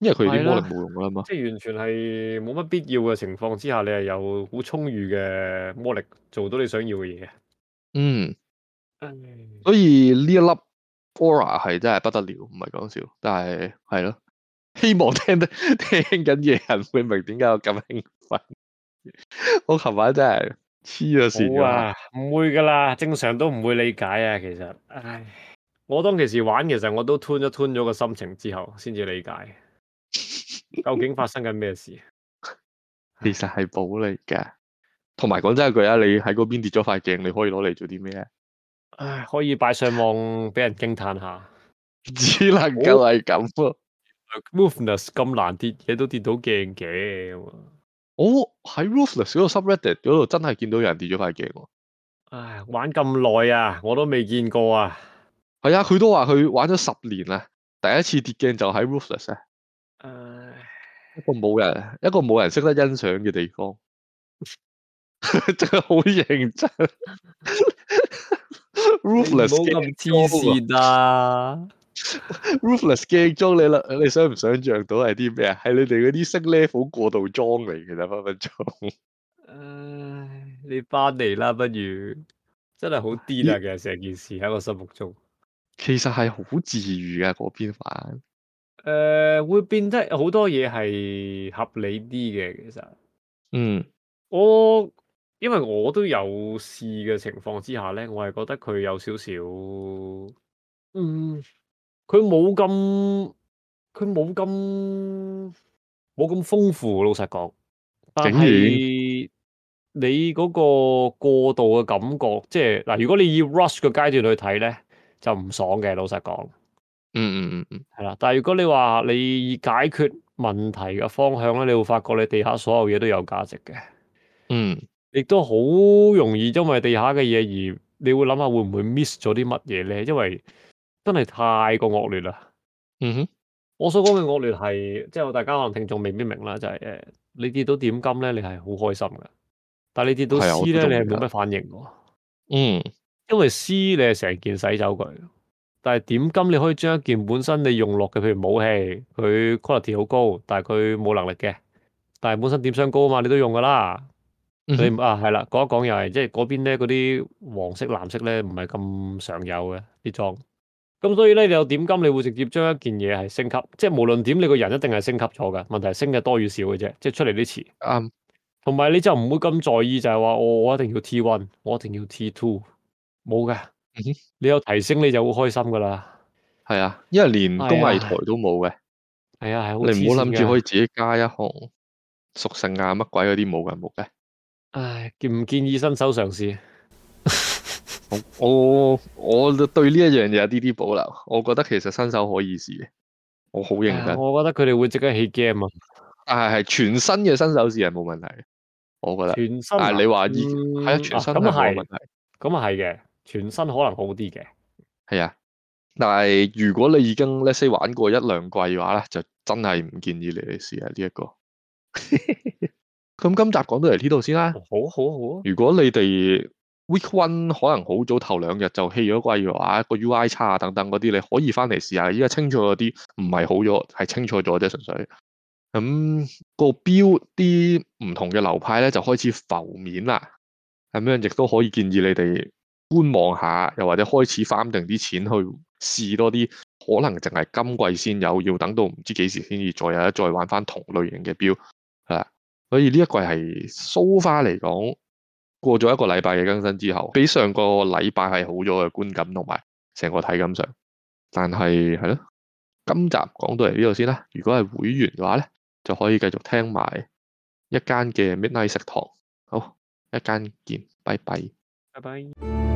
因為佢啲魔力冇用啦嘛。即係完全係冇乜必要嘅情況之下，你係有好充裕嘅魔力做到你想要嘅嘢。嗯，呃、所以呢一粒 Aura 係真係不得了，唔係講笑。但係係咯，希望聽得聽緊嘢人會明點解我咁興奮。 我琴晚真係黐咗線啊，唔 會㗎啦，正常都唔會理解啊。其實，唉。我當其時玩，其實我都吞一吞咗個心情之後，先至理解究竟發生緊咩事。 其實係寶嚟㗎，同埋講真一句啊，你喺嗰邊跌咗塊鏡，你可以攞嚟做啲咩？唉，可以擺上網俾 人驚嘆下，只能夠係咁。哦、 Ruthless 咁難跌嘢，都跌到鏡嘅，我喺、哦、Ruthless 個 subreddit 嗰度真係見到有人跌咗塊鏡。唉，玩咁耐啊，我都未見過啊。係啊，佢都話佢玩咗十年啦，第一次跌鏡就喺 Ruthless 啊，uh、一個冇人，一個冇人識得欣賞嘅地方， 真係好認真。 Ruthless 冇咁黐線啊 ！Ruthless 鏡裝你啦，你想唔想象到係啲咩啊？係你哋嗰啲升 level 過渡裝嚟嘅，咋。分分鐘。唉，你翻嚟啦，不如真係好癲啊！其實成件事喺我心目中。其實係好治癒嘅嗰邊玩，誒、呃，會變得好多嘢係合理啲嘅。其實，嗯，我因為我都有試嘅情況之下咧，我係覺得佢有少少，嗯，佢冇咁，佢冇咁，冇咁豐富。老實講，但係軟你嗰個過渡嘅感覺，即係嗱、呃，如果你以 rush 嘅階段去睇咧。就唔爽嘅，老實講，嗯嗯嗯嗯，係、hmm. 啦。但係如果你話你解決問題嘅方向咧，你會發覺你地下所有嘢都有價值嘅，嗯、mm，亦、hmm. 都好容易因為地下嘅嘢而你會諗下會唔會 miss 咗啲乜嘢咧？因為真係太過惡劣啦。嗯哼、mm，hmm. 我所講嘅惡劣係，即係大家可能聽眾未必明啦，就係誒，你跌到點金咧，你係好開心嘅，但係你跌到絲咧，你係冇乜反應嘅。嗯、mm。Hmm. 因為 C 你係成件洗走佢，但係點金你可以將一件本身你用落嘅，譬如武器佢 quality 好高，但係佢冇能力嘅，但係本身點傷高啊嘛，你都用噶啦。你、嗯、哼啊係啦，講一講又係，即係嗰邊咧嗰啲黃色、藍色咧唔係咁常有嘅啲裝。咁所以咧，你有點金你會直接將一件嘢係升級，即係無論點你個人一定係升級咗噶，問題係升嘅多與少嘅啫，即係出嚟啲詞。啱、嗯，同埋你就唔會咁在意就係話我我一定要 T one，我一定要 T two。冇嘅，你有提升你就好開心噶啦。係啊，因為連工藝台都冇嘅。係啊，係你唔好諗住可以自己加一行屬性啊，乜鬼嗰啲冇嘅，冇嘅。唉，建唔建議新手嘗試？我我對呢一樣嘢有啲啲保留，我覺得其實新手可以試嘅。我好認得，我覺得佢哋會即刻起 game 啊。但係係全新嘅新手試係冇問題，我覺得。但係你話依係啊，全新咁係冇問題，咁啊係嘅。全新可能好啲嘅，係啊，但係如果你已經 l e s s 玩過一兩季嘅話咧，就真係唔建議你哋試下呢一個。咁 今集講到嚟呢度先啦，好、啊、好、啊、好、啊。如果你哋 week one 可能好早頭兩日就棄咗季嘅話，個 UI 差啊等等嗰啲，你可以翻嚟試下。依家清楚咗啲，唔係好咗，係清楚咗啫，純粹。咁、嗯，那個 Build 啲唔同嘅流派咧，就開始浮面啦。咁樣亦都可以建議你哋觀望下，又或者開始翻定啲錢去試多啲，可能淨係今季先有，要等到唔知幾時先至再有，再玩翻同類型嘅標，係啦。所以呢一季係 So far 嚟講，過咗一個禮拜嘅更新之後，比上個禮拜係好咗嘅觀感同埋成個體感上。但係係咯，今集講到嚟呢度先啦。如果係會員嘅話咧，就可以繼續聽埋一間嘅 Midnight 食堂。好，一間見，拜拜，拜拜。